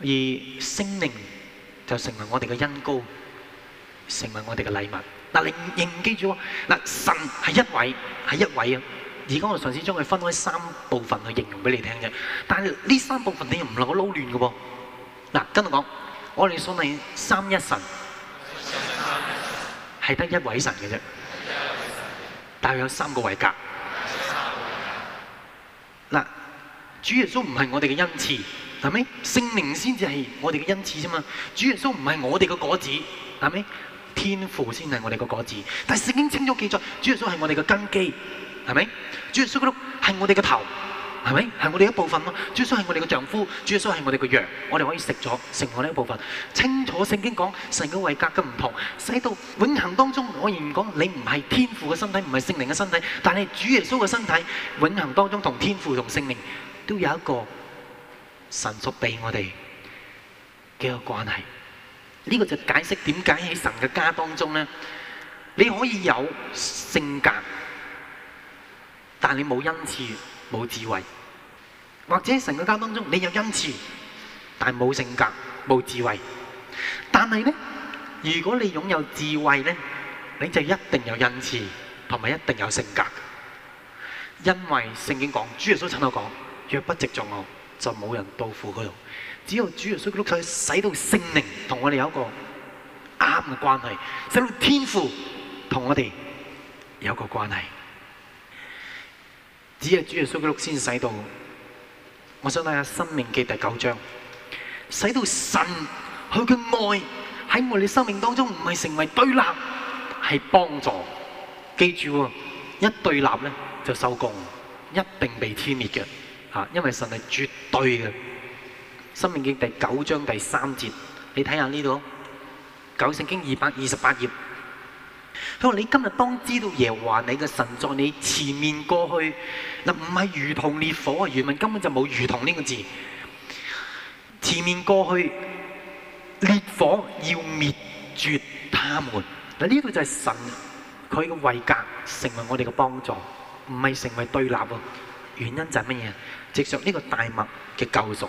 而聖靈就成為我哋嘅恩膏。成為我哋嘅禮物。嗱，你認記住，嗱，神係一位，係一位啊。而家我嘗試將佢分開三部分去形容俾你聽啫。但係呢三部分你又唔能夠撈亂嘅噃。嗱，跟我講，我哋所提三一神係得一位神嘅啫，但係有三個位格。嗱，主耶穌唔係我哋嘅恩賜，係咪？聖名先至係我哋嘅恩賜啫嘛。主耶穌唔係我哋嘅果子，係咪？天父先係我哋個果子，但係聖經清楚記載，主耶穌係我哋嘅根基，係咪？主耶穌嗰度係我哋嘅頭，係咪？係我哋一部分咯。主耶穌係我哋嘅丈夫，主耶穌係我哋嘅羊，我哋可以食咗，成我呢一部分。清楚聖經講神嘅位格嘅唔同，使到永恆當中，我仍然講你唔係天父嘅身體，唔係聖靈嘅身體，但係主耶穌嘅身體，永恆當中同天父同聖靈都有一個神屬俾我哋嘅關係。呢個就解釋點解喺神嘅家當中咧，你可以有性格，但係你冇恩賜、冇智慧；或者喺神嘅家當中，你有恩賜，但係冇性格、冇智慧。但係咧，如果你擁有智慧咧，你就一定有恩賜同埋一定有性格。因為聖經講，主耶穌親口講：若不藉著我，就冇人到父嗰度。只有主耶穌基督使到聖靈同我哋有一個啱嘅關係，使到天父同我哋有個關係。只有主耶穌基督先使到。我想睇下《生命記》第九章，使到神佢嘅愛喺我哋生命當中唔係成為對立，係幫助。記住，一對立咧就收工，一定被天滅嘅。吓，因為神係絕對嘅。新命經第九章第三節，你睇下呢度，九聖經二百二十八頁，佢話你今日當知道耶華你嘅神在你前面過去，那唔係如同烈火啊，原文根本就冇如同呢個字，前面過去，烈火要滅絕他們，這呢就是神佢嘅位格成為我哋嘅幫助，唔係成為對立，原因就係乜嘢？直着呢個大麥嘅救贖。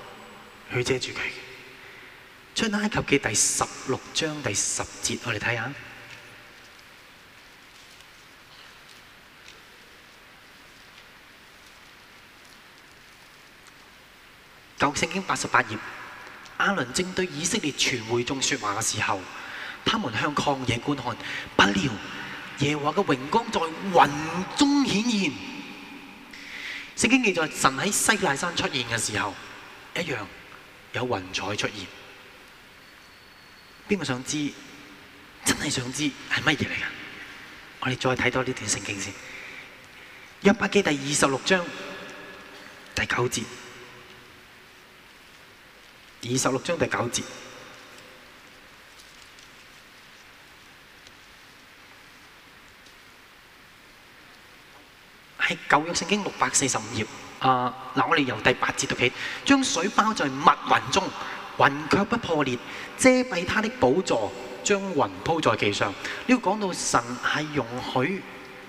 去遮住佢。出埃及記第十六章第十節，我哋睇下。舊聖經八十八頁，阿倫正對以色列全會眾説話嘅時候，他們向曠野觀看，不料耶和華嘅榮光在雲中顯現。聖經記載，神喺西奈山出現嘅時候一樣。有雲彩出現，邊個想知？真係想知係乜嘢嚟噶？我哋再睇多呢段聖經先。約伯記第二十六章第九節，二十六章第九節喺舊約聖經六百四十五頁。啊！嗱，我哋由第八節讀起，將水包在密雲中，雲卻不破裂，遮蔽他的寶座，將雲鋪在其上。呢個講到神係容許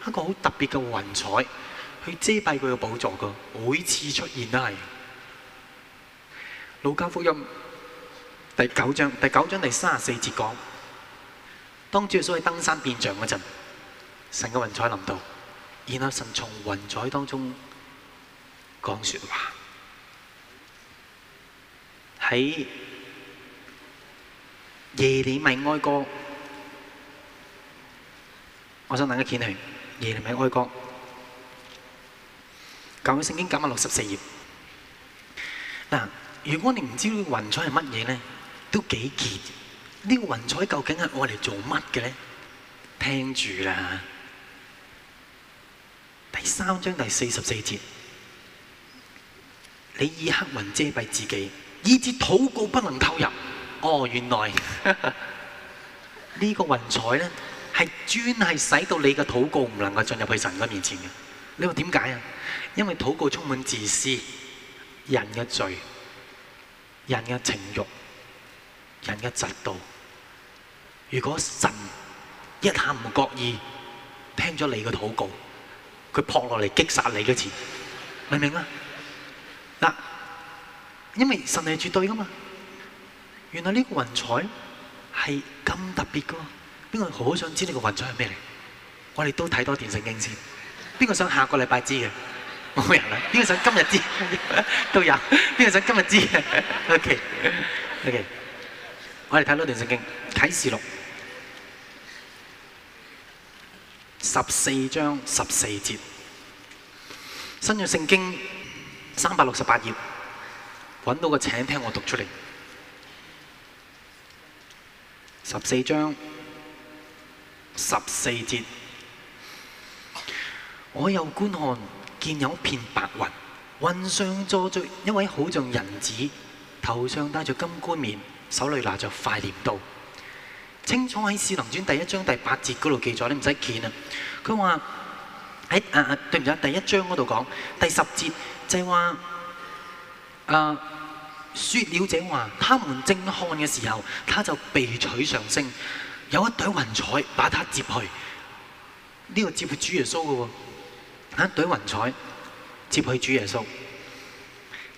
一個好特別嘅雲彩去遮蔽佢嘅寶座㗎。每次出現都係《路加福音》第九章第九章第三十四節講，當耶穌喺登山變像嗰陣，神嘅雲彩臨到，然後神從雲彩當中，講說話喺耶利米哀歌，我想大家見嚟耶利米哀歌舊約聖經九百六十四頁嗱，如果你唔知呢個雲彩係乜嘢咧，都幾結？呢個雲彩究竟係愛嚟做乜嘅咧？聽住啦，第三章第四十四節。你以黑雲遮蔽自己，以致禱告不能透入。哦，原來呢、這個雲彩呢，係專係使到你嘅禱告唔能夠進入去神嘅面前嘅。你話點解啊？因為禱告充滿自私，人嘅罪，人嘅情慾，人嘅嫉妒。如果神一下唔覺意聽咗你嘅禱告，佢撲落嚟擊殺你嘅時，明唔明啊？嗱，因為神係絕對噶嘛，原來呢個雲彩係咁特別噶，邊個好想知呢個雲彩係咩嚟？我哋都睇多《段聖經》先。邊個想下個禮拜知嘅？冇人啦。邊個想今日知？都有。邊個想今日知？OK，OK，我哋睇多《段聖經》啟示錄，啟示錄十四章十四節，新約聖經。三百六十八頁，揾到個，請聽我讀出嚟。十四章十四節，我又觀看見有一片白雲，雲上坐著一位好像人子，頭上戴著金冠冕，手裏拿著快鐮刀。清楚喺《四諦經》第一章第八節嗰度記載，你唔使見啊！佢話喺，啊，對唔住，第一章嗰度講第十節。就話、是、誒，雪鳥者話，他們正看嘅時候，他就被取上升，有一朵雲彩把他接去，呢個接去主耶穌嘅喎，啊，朵雲彩接去主耶穌，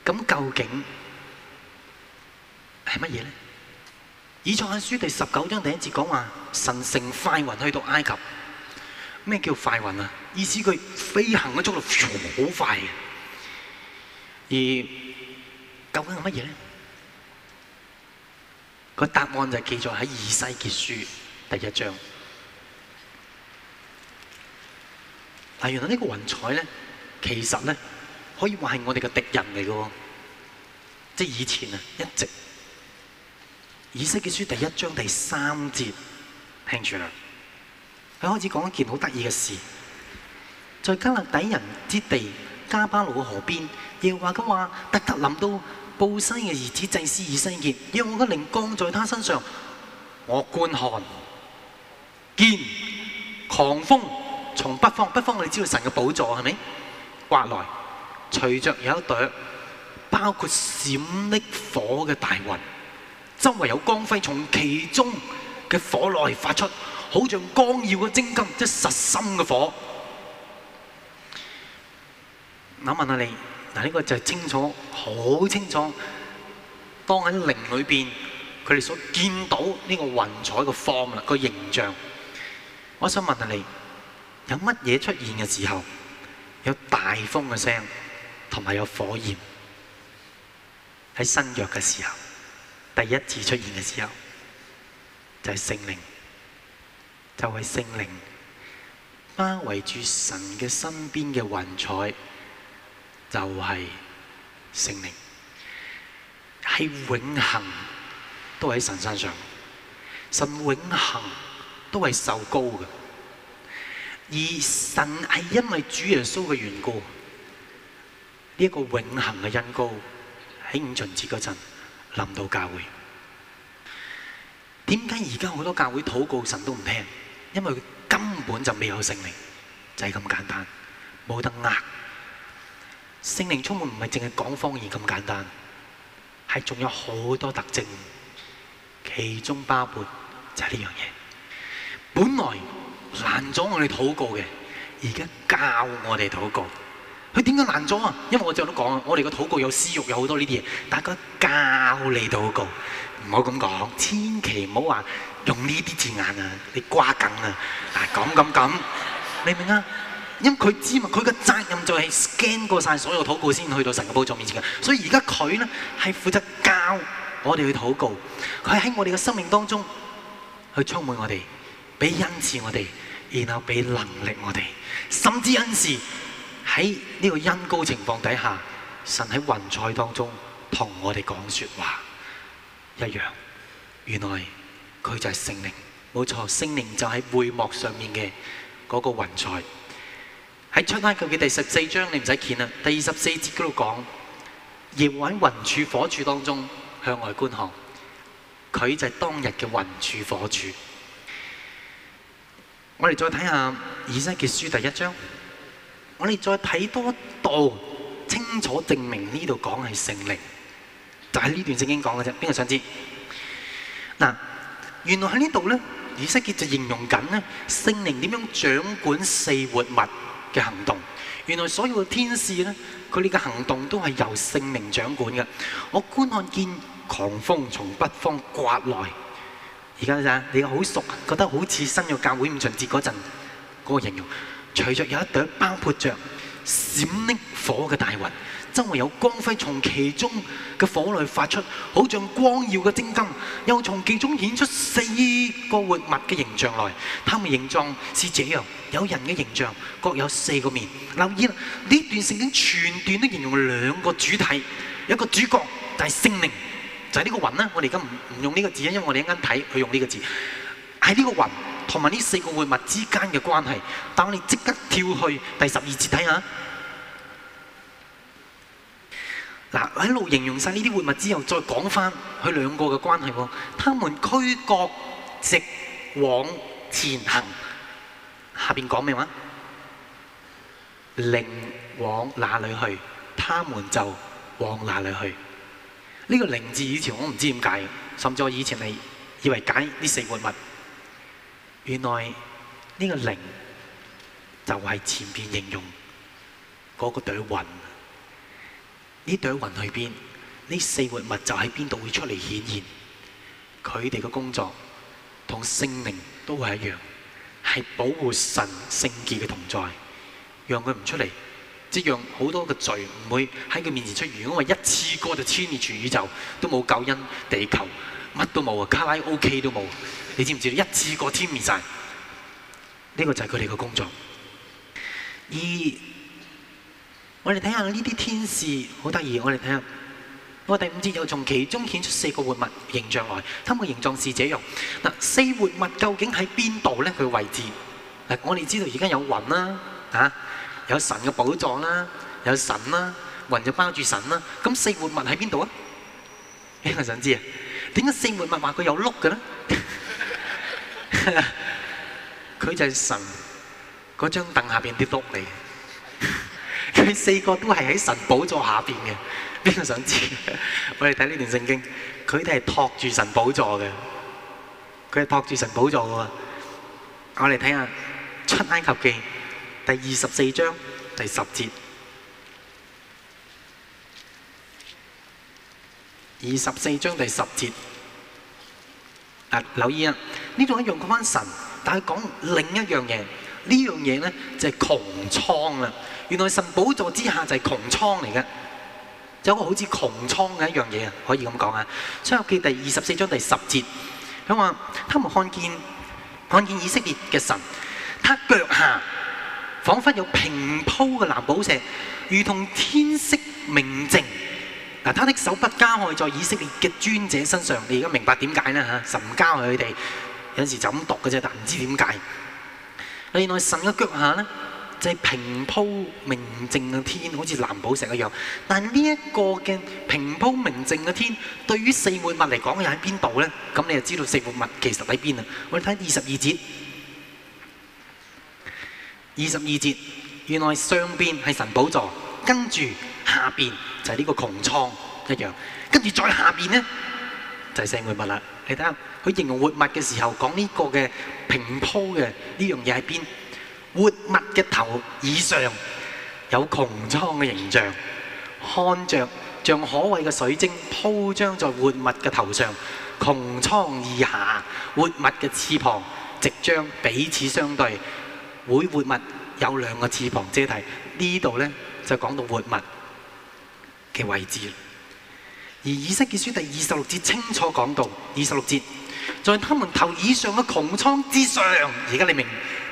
咁究竟係乜嘢呢？以賽亞書第十九章第一節講話神乘快雲去到埃及，咩叫快雲啊？意思佢飛行嘅速度好快。而究竟係乜嘢呢？個答案就係記載在喺《以西結書》第一章。原來呢個雲彩呢，其實呢，可以話係我哋嘅敵人嚟嘅，即係以前啊，一直《以西結書》第一章第三節聽住啦。佢開始講一件好得意嘅事，在加勒底人之地。加巴路嘅河邊，耶和華嘅話，特特諗到布西嘅兒子祭司以西結，讓我嘅靈光在他身上，我觀看見狂風從北方，北方我哋知道神嘅寶座係咪刮來，隨着有一朵包括閃爍火嘅大雲，周圍有光輝從其中嘅火內發出，好像光耀嘅精金，即實心嘅火。我想問下你，嗱、呢個就係清楚，好清楚。當喺靈裏面佢哋所見到呢個雲彩的方啦，個形象。我想問下你，有乜嘢出現嘅時候？有大風嘅聲音，同埋有火焰喺新約嘅時候，第一次出現嘅時候，就係聖靈，就係、是、聖靈包圍住神嘅身邊嘅雲彩。就係聖靈，係永恒都喺神身上，神永恒都係受膏嘅，而神係因為主耶穌嘅緣故，呢一個永恒嘅恩膏喺五旬節嗰陣臨到教會。點解而家好多教會禱告神都唔聽？因為佢根本就未有聖靈，就係咁簡單，冇得壓。聖靈充滿唔係淨係講方言咁簡單，係仲有好多特徵，其中包括就係呢樣嘢。本來難咗我哋禱告嘅，而家教我哋禱告。佢點解難咗啊？因為我早都講啦，我哋個禱告有私慾，有好多呢啲嘢。大家教你禱告，唔好咁講，千祈唔好話用呢啲字眼刮啊，你掛緊啊，咁咁咁，明唔明啊？因佢知嘛，佢嘅責任就係 scan 過晒所有禱告先去到神嘅寶座面前嘅，所以而家佢咧係負責教我哋去禱告，佢喺我哋嘅生命當中去充滿我哋，俾恩賜我哋，然後俾能力我哋，甚至恩賜喺呢個恩膏情況底下，神喺雲彩當中同我哋講說話一樣。原來佢就係聖靈，冇錯，聖靈就喺會幕上面嘅嗰個雲彩。喺出埃及第十四章，你唔使見啦。第二十四節嗰度講，耶和華喺雲柱火柱當中向外觀看，佢就係當日嘅雲柱火柱。我哋再睇下以西結書第一章，我哋再睇多一度，清楚證明呢度講係聖靈，就喺呢段聖經講嘅啫。邊個想知？嗱，原來喺呢度咧，以西結就形容緊咧聖靈點樣掌管四活物。嘅行動，原來所有嘅天使咧，佢哋嘅行動都係由聖靈掌管嘅。我觀看見狂風從北方刮來，而家咧，你又好熟，覺得好似新約教會五旬節嗰陣嗰個形容，隨著有一朵包括著閃爍火嘅大雲。周圍有光輝，從其中嘅火內發出，好像光耀嘅精金，又從其中顯出四個活物嘅形象來。他們形狀是這樣，有人嘅形象，各有四個面。留意啦，呢段聖經全段都形容兩個主體，一個主角，但係聖靈就係呢個雲啦。我哋而家唔唔用呢個字，因為我哋一陣睇佢用呢個字，喺呢個雲同埋呢四個活物之間嘅關係。但係我哋即刻跳去第十二節睇下。嗱，喺度形容曬呢啲活物之後，再講返佢兩個嘅關係。他們驅駕直往前行，下面講咩話？靈往哪裏去，他們就往哪裏去。呢個靈字以前我唔知點解，甚至我以前係以為解呢四活物，原來呢個靈就係前面形容嗰個隊雲。呢朵雲去邊？呢四活物就喺邊度會出嚟顯現？佢哋嘅工作同聖靈都係一樣，係保護神聖潔嘅同在，讓佢唔出嚟，即係讓好多嘅罪唔會喺佢面前出現。因為一次過就殲滅全宇宙，都冇救恩，地球乜都冇啊，卡拉 OK 都冇。你知唔知道？一次過殲滅晒，呢個就係佢哋嘅工作。我哋睇下呢啲天使好得意，我哋睇下。我第五節又從其中顯出四個活物形象來，他們嘅形狀是這樣。嗱，四活物究竟喺邊度咧？佢位置。嗱，我哋知道而家有雲啦，嚇，有神嘅寶座啦，有神啦，雲就包住神啦。咁四活物喺邊度啊？誒，我想知啊，點解四活物話佢有轆嘅咧？佢就係神嗰張凳下邊啲轆嚟。佢四個都係喺神寶座下邊嘅，邊個想知？我哋睇呢段聖經，佢哋係托住神寶座嘅，佢係托住神寶座嘅。我哋睇下《出埃及記》第二十四章第十節，二十四章第十節。啊，留意啊！呢度一樣講翻神，但係講的是另一樣嘢。呢樣嘢咧就係穹蒼啦。原來神寶座之下就係穹蒼嚟嘅，有個好似穹蒼嘅一樣嘢，可以咁講啊。出埃及記第二十四章第十節，佢話：他們看見看見以色列嘅神，他腳下彷彿有平鋪嘅藍寶石，如同天色明淨。嗱，他的手不加害在以色列嘅尊者身上，你而家明白點解啦，神加害佢哋，有時候就咁讀嘅啫，但唔知點解。原來神嘅腳下呢。就係平鋪明靜嘅天，好似藍寶石一樣。但呢一個嘅平鋪明靜嘅天，對於四活物嚟講，又喺邊度咧？咁你就知道四活物其實喺邊喇。我哋睇二十二節，二十二節原來上邊係神寶座，跟住下邊就係呢個穹蒼一樣，跟住再下邊咧就係四活物啦。你睇下，佢形容活物嘅時候講呢個嘅平鋪嘅呢樣嘢喺邊？活物嘅頭以上有穹蒼嘅形象，看着像，像可畏嘅水晶鋪張在活物嘅頭上。穹蒼以下，活物嘅翅膀直將彼此相對。每活物有兩個翅膀遮體，這裡呢度呢就講到活物嘅位置。而《以西結書》第二十六節清楚講到，二十六節在他們頭以上嘅穹蒼之上。而家你明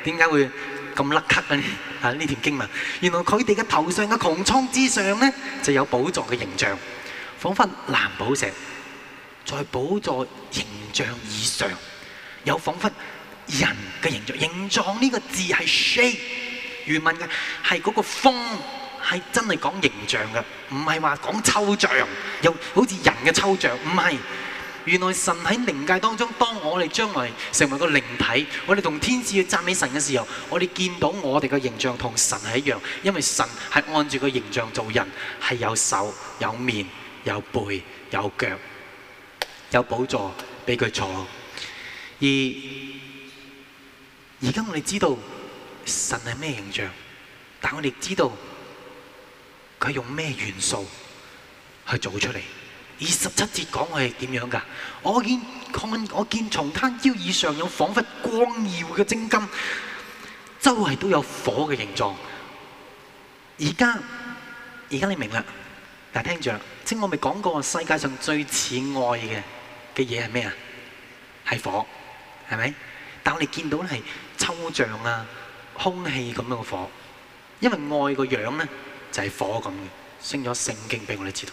點解會？咁甩刻嘅呢？啊！呢條經文原來佢哋嘅頭上嘅穹蒼之上呢，就有寶座嘅形象，彷彿藍寶石在寶座形象以上，有彷彿人嘅形象。形狀呢個字係 shape，原文嘅係嗰個 form，係真係講形象㗎，唔係話講抽象，又好似人嘅抽象，唔係。原來神喺靈界當中，當我哋將來成為一個靈體，我哋同天使要讚美神嘅時候，我哋見到我哋嘅形象同神係一樣，因為神係按住個形象做人，係有手、有面、有背、有腳、有寶座俾佢坐。而而家我哋知道神係咩形象，但我哋知道佢用咩元素去做出嚟。二十七節講係點樣㗎？我見，看我見從他腰以上有彷彿光耀嘅精金，周圍都有火嘅形狀。而家，而家你明啦？但聽住，即我未講過世界上最似愛嘅嘅嘢係咩啊？係火，係咪？但我哋見到咧係抽象啊、空氣咁樣嘅火，因為愛個樣咧就係火咁嘅。升咗聖經俾我哋知道。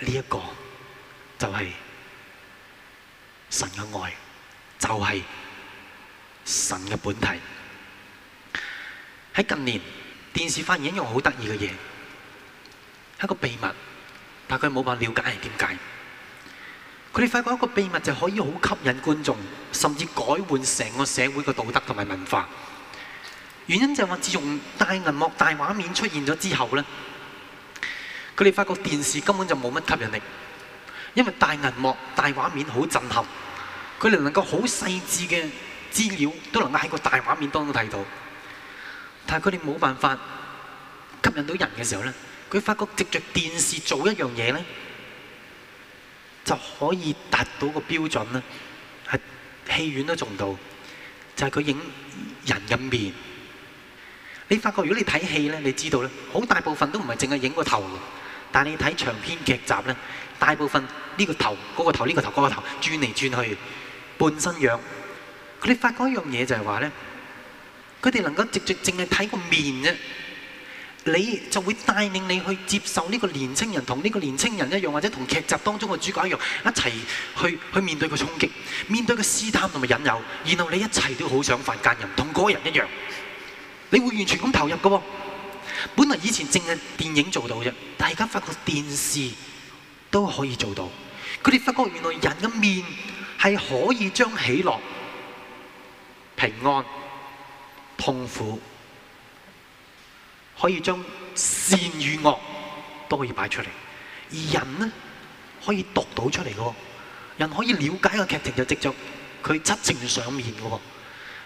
呢、這、一個就係神嘅愛，就係、是、神嘅本體。喺近年，電視發現一樣好得意嘅嘢，係一個秘密，但佢冇辦法了解係點解。佢哋發覺一個秘密就可以好吸引觀眾，甚至改換成個社會嘅道德同埋文化。原因就係、是、話，自從大銀幕大畫面出現咗之後咧。佢哋發覺電視根本就冇乜吸引力，因為大銀幕、大畫面好震撼，佢哋能夠好細緻嘅資料都能夠喺個大畫面當中睇到。但係佢哋冇辦法吸引到人嘅時候咧，佢發覺藉著電視做一樣嘢咧，就可以達到個標準咧，係戲院都做唔到，就係佢影人嘅面。你發覺如果你睇戲咧，你知道咧，好大部分都唔係淨係影個頭。但你睇長篇劇集咧，大部分呢個頭嗰個頭，呢個頭嗰個頭，轉嚟轉去，半身樣。佢哋發覺一樣嘢就係話咧，佢哋能夠直接淨係睇個面啫，你就會帶領你去接受呢個年輕人同呢個年輕人一樣，或者同劇集當中嘅主角一樣，一齊去去面對個衝擊，面對個試探同埋引誘。然後你一切都好想犯奸人，同嗰人一樣，你會完全咁投入嘅喎。本來以前淨係電影做到啫，但係而家發覺電視都可以做到。佢哋發覺原來人嘅面係可以將喜樂、平安、痛苦，可以將善與惡都可以擺出嚟。而人呢，可以讀到出嚟嘅喎。人可以了解個劇情就藉著佢七情上面嘅喎。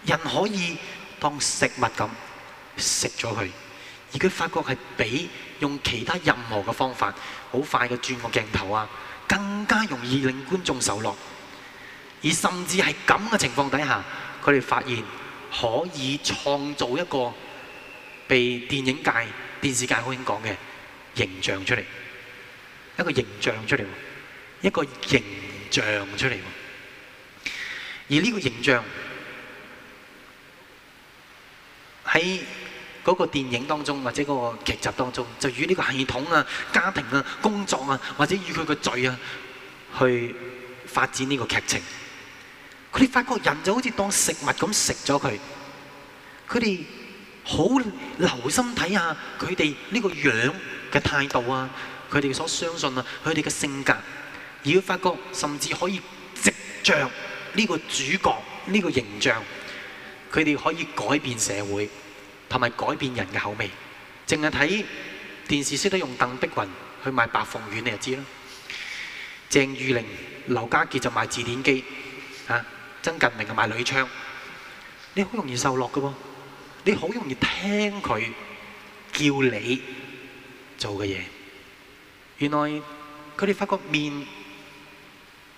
人可以當食物咁食咗佢。而佢發覺係比用其他任何嘅方法好快嘅轉個鏡頭啊，更加容易令觀眾受落。而甚至係咁嘅情況底下，佢哋發現可以創造一個被電影界、電視界好興講嘅形象出嚟，一個形象出嚟，一個形象出嚟。而呢個形象喺...嗰個電影當中或者嗰個劇集當中，就與呢個系統啊、家庭啊、工作啊，或者與佢個罪啊，去發展呢個劇情。佢哋發覺人就好似當食物咁食咗佢，佢哋好留心睇下佢哋呢個樣嘅態度啊，佢哋所相信啊，佢哋嘅性格，而發覺甚至可以藉著呢個主角呢個形象，佢哋可以改變社會。同埋改變人嘅口味？淨係睇電視識得用鄧碧雲去賣白鳳丸，你就知啦。鄭裕玲、劉家傑就賣字典機，啊曾近明就賣女槍，你好容易受落㗎喎，你好容易聽佢叫你做嘅嘢。原來佢哋發覺面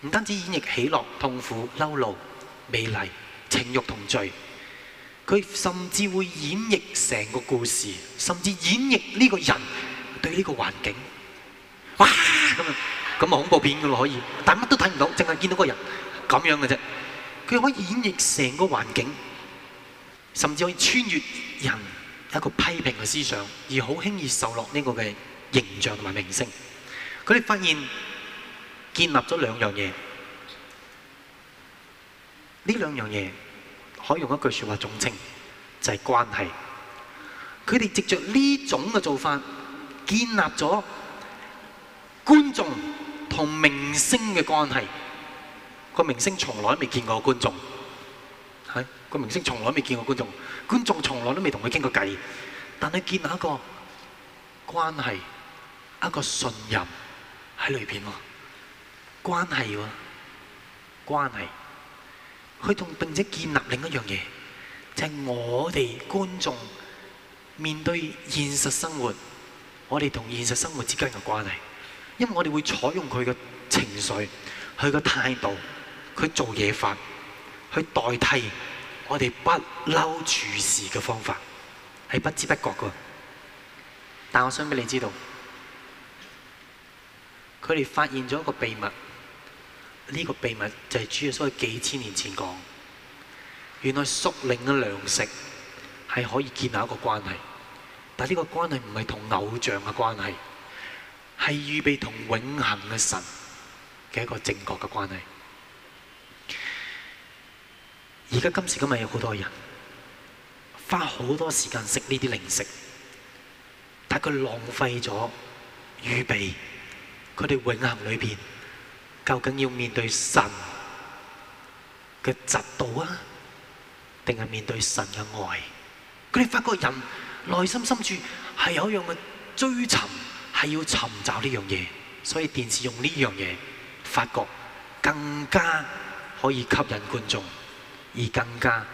唔單止演繹喜樂、痛苦、嬲怒、美麗、情慾同罪。佢甚至會演繹成個故事，甚至演繹呢個人對呢個環境，哇咁啊，咁啊恐怖片㗎喇，可以，但乜都睇唔到，淨係見到個人咁樣嘅啫。佢可以演繹成個環境，甚至可以穿越人一個批評嘅思想，而好輕易受落呢個嘅形象同埋明星。佢哋發現建立咗兩樣嘢，呢兩樣嘢。可以用一句説話總稱，就係關係。佢哋藉著呢種嘅做法，建立咗觀眾同明星嘅關係。個明星從來都未見過觀眾，喺個明星從來都未見過觀眾，觀眾從來都未同佢傾過偈，但係建立一個關係，一個信任喺裏邊喎。關係喎，關係。佢同，並且建立另一樣嘢，就係我哋觀眾面對現實生活，我哋同現實生活之間嘅關係。因為我哋會採用佢嘅情緒、佢嘅態度、佢做嘢法，去代替我哋不嬲處事嘅方法，係不知不覺嘅。但我想俾你知道，佢哋發現咗一個秘密。呢、這個秘密就係主要，所以幾千年前講，原來屬靈嘅糧食係可以建立一個關係，但呢個關係唔係同偶像嘅關係，係預備同永恆嘅神嘅一個正確嘅關係。而家今時今日有好多人花好多時間食呢啲零食，但佢浪費咗預備佢哋永恆裏邊。究竟要面對神嘅嫉妒啊，定係面對神嘅愛？佢哋發覺人內心深處係有一樣嘅追尋，係要尋找呢樣嘢。所以電視用呢樣嘢，發覺更加可以吸引觀眾，而更加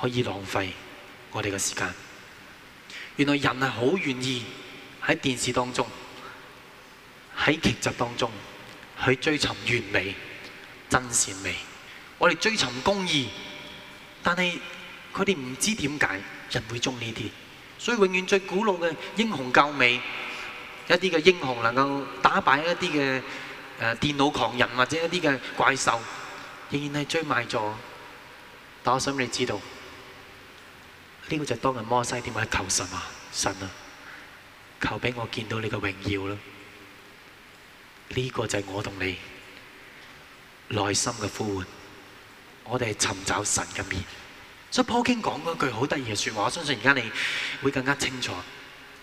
可以浪費我哋嘅時間。原來人係好願意喺電視當中，喺劇集當中。去追尋完美、真善美，我哋追尋公義，但係佢哋唔知點解人會鍾呢啲，所以永遠最古老嘅英雄救美，一啲嘅英雄能夠打敗一啲嘅誒電腦狂人或者一啲嘅怪獸，仍然係追賣咗。但係我想你知道，呢個就當日摩西點解求神啊，神啊，求俾我見到你嘅榮耀啦。呢、這個就係我同你內心嘅呼喚，我哋係尋找神嘅面。所以 Paul King 講嗰句好得意嘅説話，我相信而家你會更加清楚。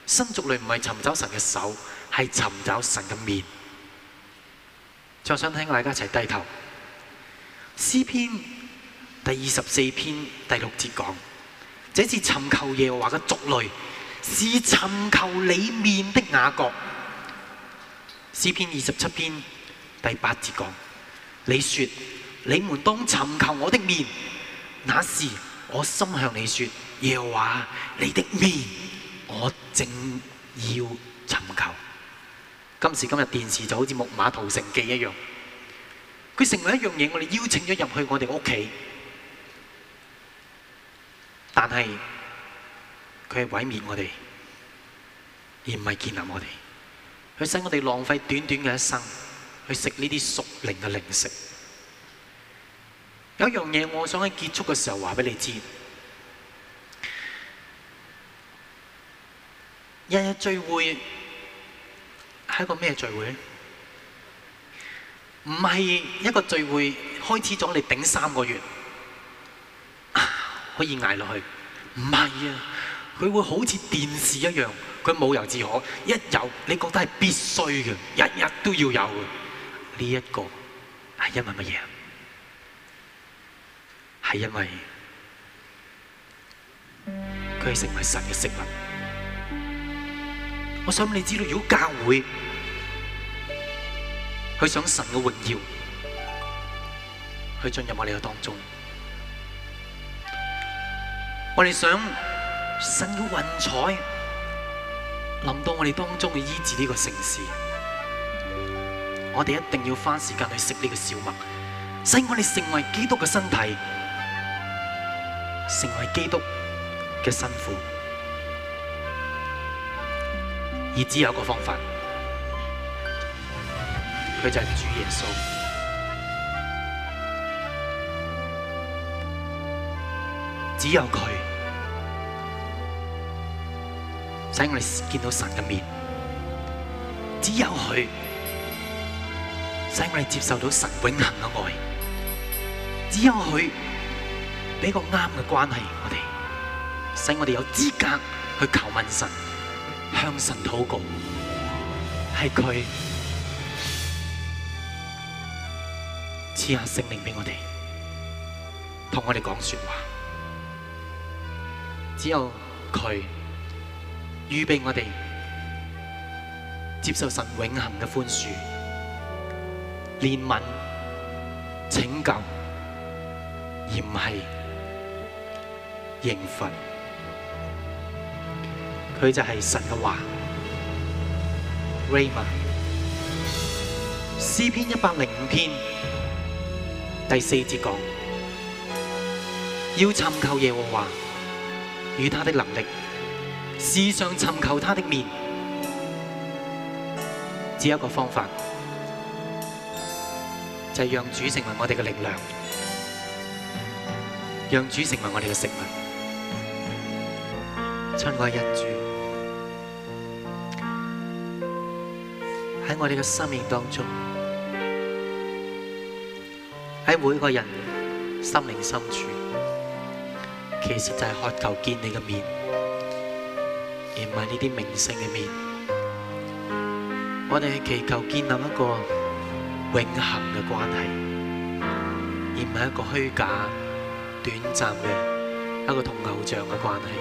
新族類唔係尋找神嘅手，係尋找神嘅面。再想聽大家一齊低頭。詩篇第二十四篇第六節講：這次尋求耶和華嘅族類，是尋求你面的雅各。詩篇二十七篇第八節講：你說，你們當尋求我的面，那時我心向你說嘢，話，你的面我正要尋求。今時今日電視就好似木馬屠城記一樣，佢成為一樣嘢，我哋邀請咗入去我哋屋企，但係佢係毀滅我哋，而唔係建立我哋。佢使我哋浪費短短嘅一生去食呢啲熟齡嘅零食。有一樣嘢，我想喺結束嘅時候話畀你知。日日聚會係一個咩聚會？唔係一個聚會開始咗，你頂三個月、啊、可以捱落去。唔係啊，佢會好似電視一樣。佢冇由自可，一有你覺得係必須嘅，日日都要有嘅。呢一個係因為乜嘢？係因為佢係成為神嘅食物。我想你知道，如果教會去想神嘅榮耀，去進入我哋嘅當中，我哋想神嘅雲彩。諗到我哋當中去醫治呢個城市，我哋一定要花時間去食呢個小麥，使我哋成為基督嘅身體，成為基督嘅辛苦。而只有一個方法，佢就係主耶穌，只有佢。使我哋見到神嘅面，只有佢使我哋接受到神永恒嘅愛，只有佢俾個啱嘅關係我哋，使我哋有資格去求問神、向神禱告，係佢賜下聖靈俾我哋，同我哋講說話，只有佢。預備我哋接受神永恒嘅寬恕、憐憫、拯救，而唔係刑罰。佢就係神嘅話。Rayman，詩篇一百零五篇第四節講：要尋求耶和華與他的能力。世上尋求他的面，只有一個方法，就是讓主成為我哋嘅力量，讓主成為我哋嘅食物。親愛人主，喺我哋嘅生命當中，喺每個人的心靈深處，其實就是渴求見你嘅面。而唔係呢啲明星嘅面，我哋係祈求建立一個永恒嘅關係，而唔係一個虛假、短暫嘅一個同偶像嘅關係。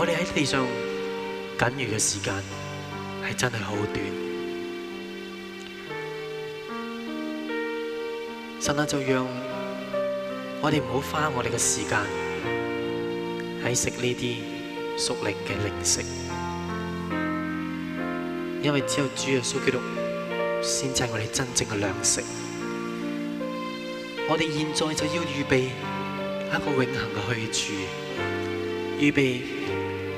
我哋喺地上僅餘嘅時間係真係好短，神啊，就讓我哋唔好花我哋嘅時間。喺食呢啲屬靈嘅零食，因為只有主耶穌基督先係我哋真正嘅糧食。我哋現在就要預備一個永恆嘅去處，預備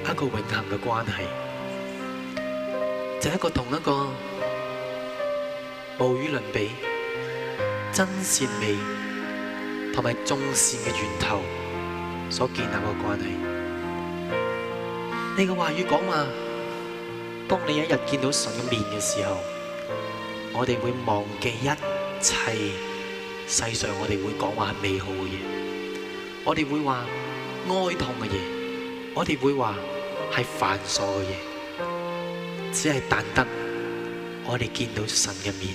一個永恆嘅關係，就是一個同一個無與倫比、真善美同埋眾善嘅源頭，所建立嘅關係，你嘅話語講話。當你一日見到神嘅面嘅時候，我哋會忘記一切世上，我哋會講話係美好嘅嘢，我哋會話哀痛嘅嘢，我哋會話係繁瑣嘅嘢，只係但得我哋見到神嘅面，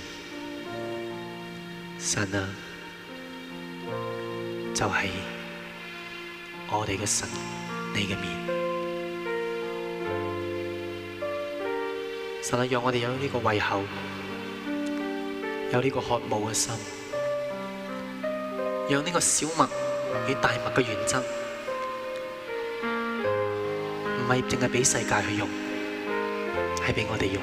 神啊就係、是。我哋嘅神，你嘅面，神啊，讓我哋有呢個胃口，有呢個渴慕嘅心，有呢個小麥與大麥嘅原則，唔係淨係畀世界去用，係畀我哋用。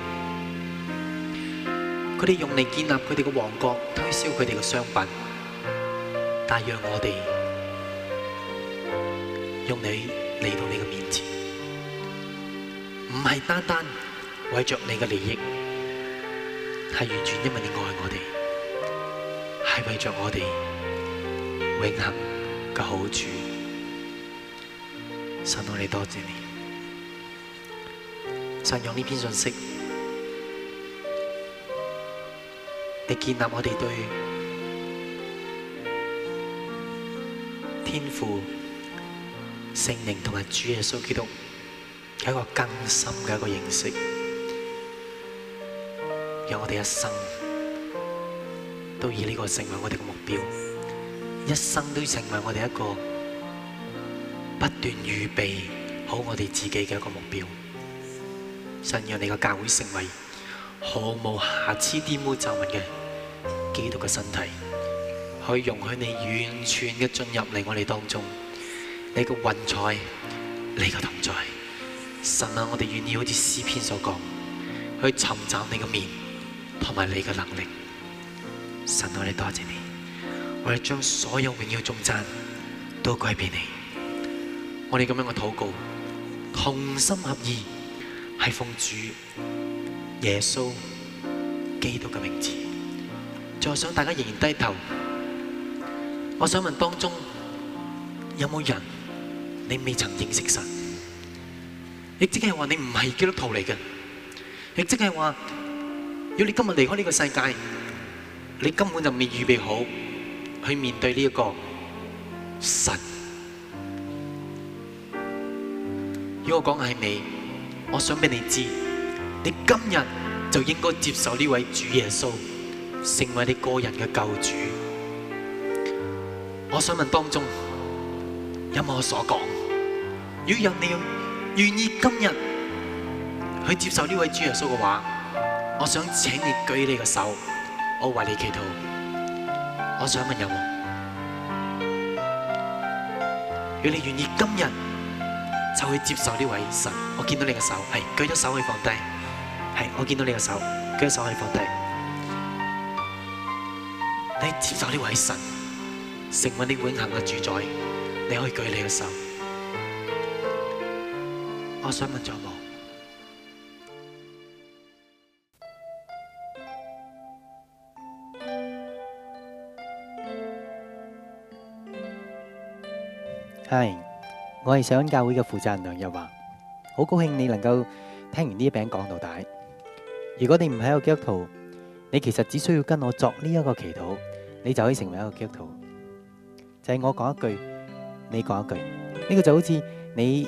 佢哋用嚟建立佢哋嘅王國，推銷佢哋嘅商品，但讓我哋。用你嚟到你的面前，唔係單單為着你嘅利益，係完全因為你愛我哋，係為着我哋永恒嘅好處。神，我哋多謝你，神，用呢篇信息，你建立我哋對天父、聖靈同埋主耶穌基督，係一個更深嘅一個認識，讓我哋一生都以呢個成為我哋嘅目標，一生都成為我哋一個不斷預備好我哋自己嘅一個目標。神讓你嘅教會成為毫無瑕疵、玷污皺紋嘅基督嘅身體，可以容許你完全嘅進入嚟我哋當中。你的存在，你的同在，神啊！我哋願意好似詩篇所講，去尋找你的面，同埋你的能力。神啊，我哋多謝，謝你，我哋將所有榮耀頌讚，都歸俾你。我哋咁樣嘅禱告，同心合意，係奉主耶穌基督嘅名字。再想大家仍然低頭，我想問當中有冇人？你未曾認識神，亦即係話你唔係基督徒嚟嘅，亦即係話，如果你今日離開呢個世界，你根本就未預備好去面對呢一個神。如果我講係你，我想俾你知，你今日就應該接受呢位主耶穌，成為你個人嘅救主。我想問當中有冇我所講？如果若你要願意今日去接受呢位主耶穌嘅話，我想請你舉你嘅手，我為你祈禱。我想問有冇？如果你願意今日就去接受呢位神，我見到你嘅手，係舉咗手可以放低，係我見到你嘅手，舉咗手可以放低。你接受呢位神，成為你永恆嘅主宰，你可以舉你嘅手。想唔想嚟？係我係上教會嘅負責人梁日華，好高興你能夠聽完呢一餅講到底。如果你唔係一個基督徒，你其實只需要跟我作呢一個祈禱，你就可以成為一個基督徒。就係我講一句，你講一句，呢個就好似你。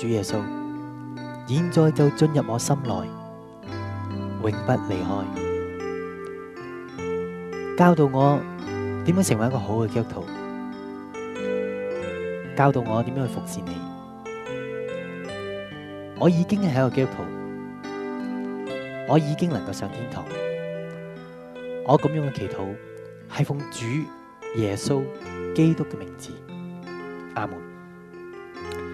主耶穌，現在就進入我心內，永不離開。教導我點樣成為一個好嘅基督徒，教導我點樣去服侍你。我已經係一個基督徒，我已經能夠上天堂。我咁樣嘅祈禱係奉主耶穌基督嘅名字，阿門。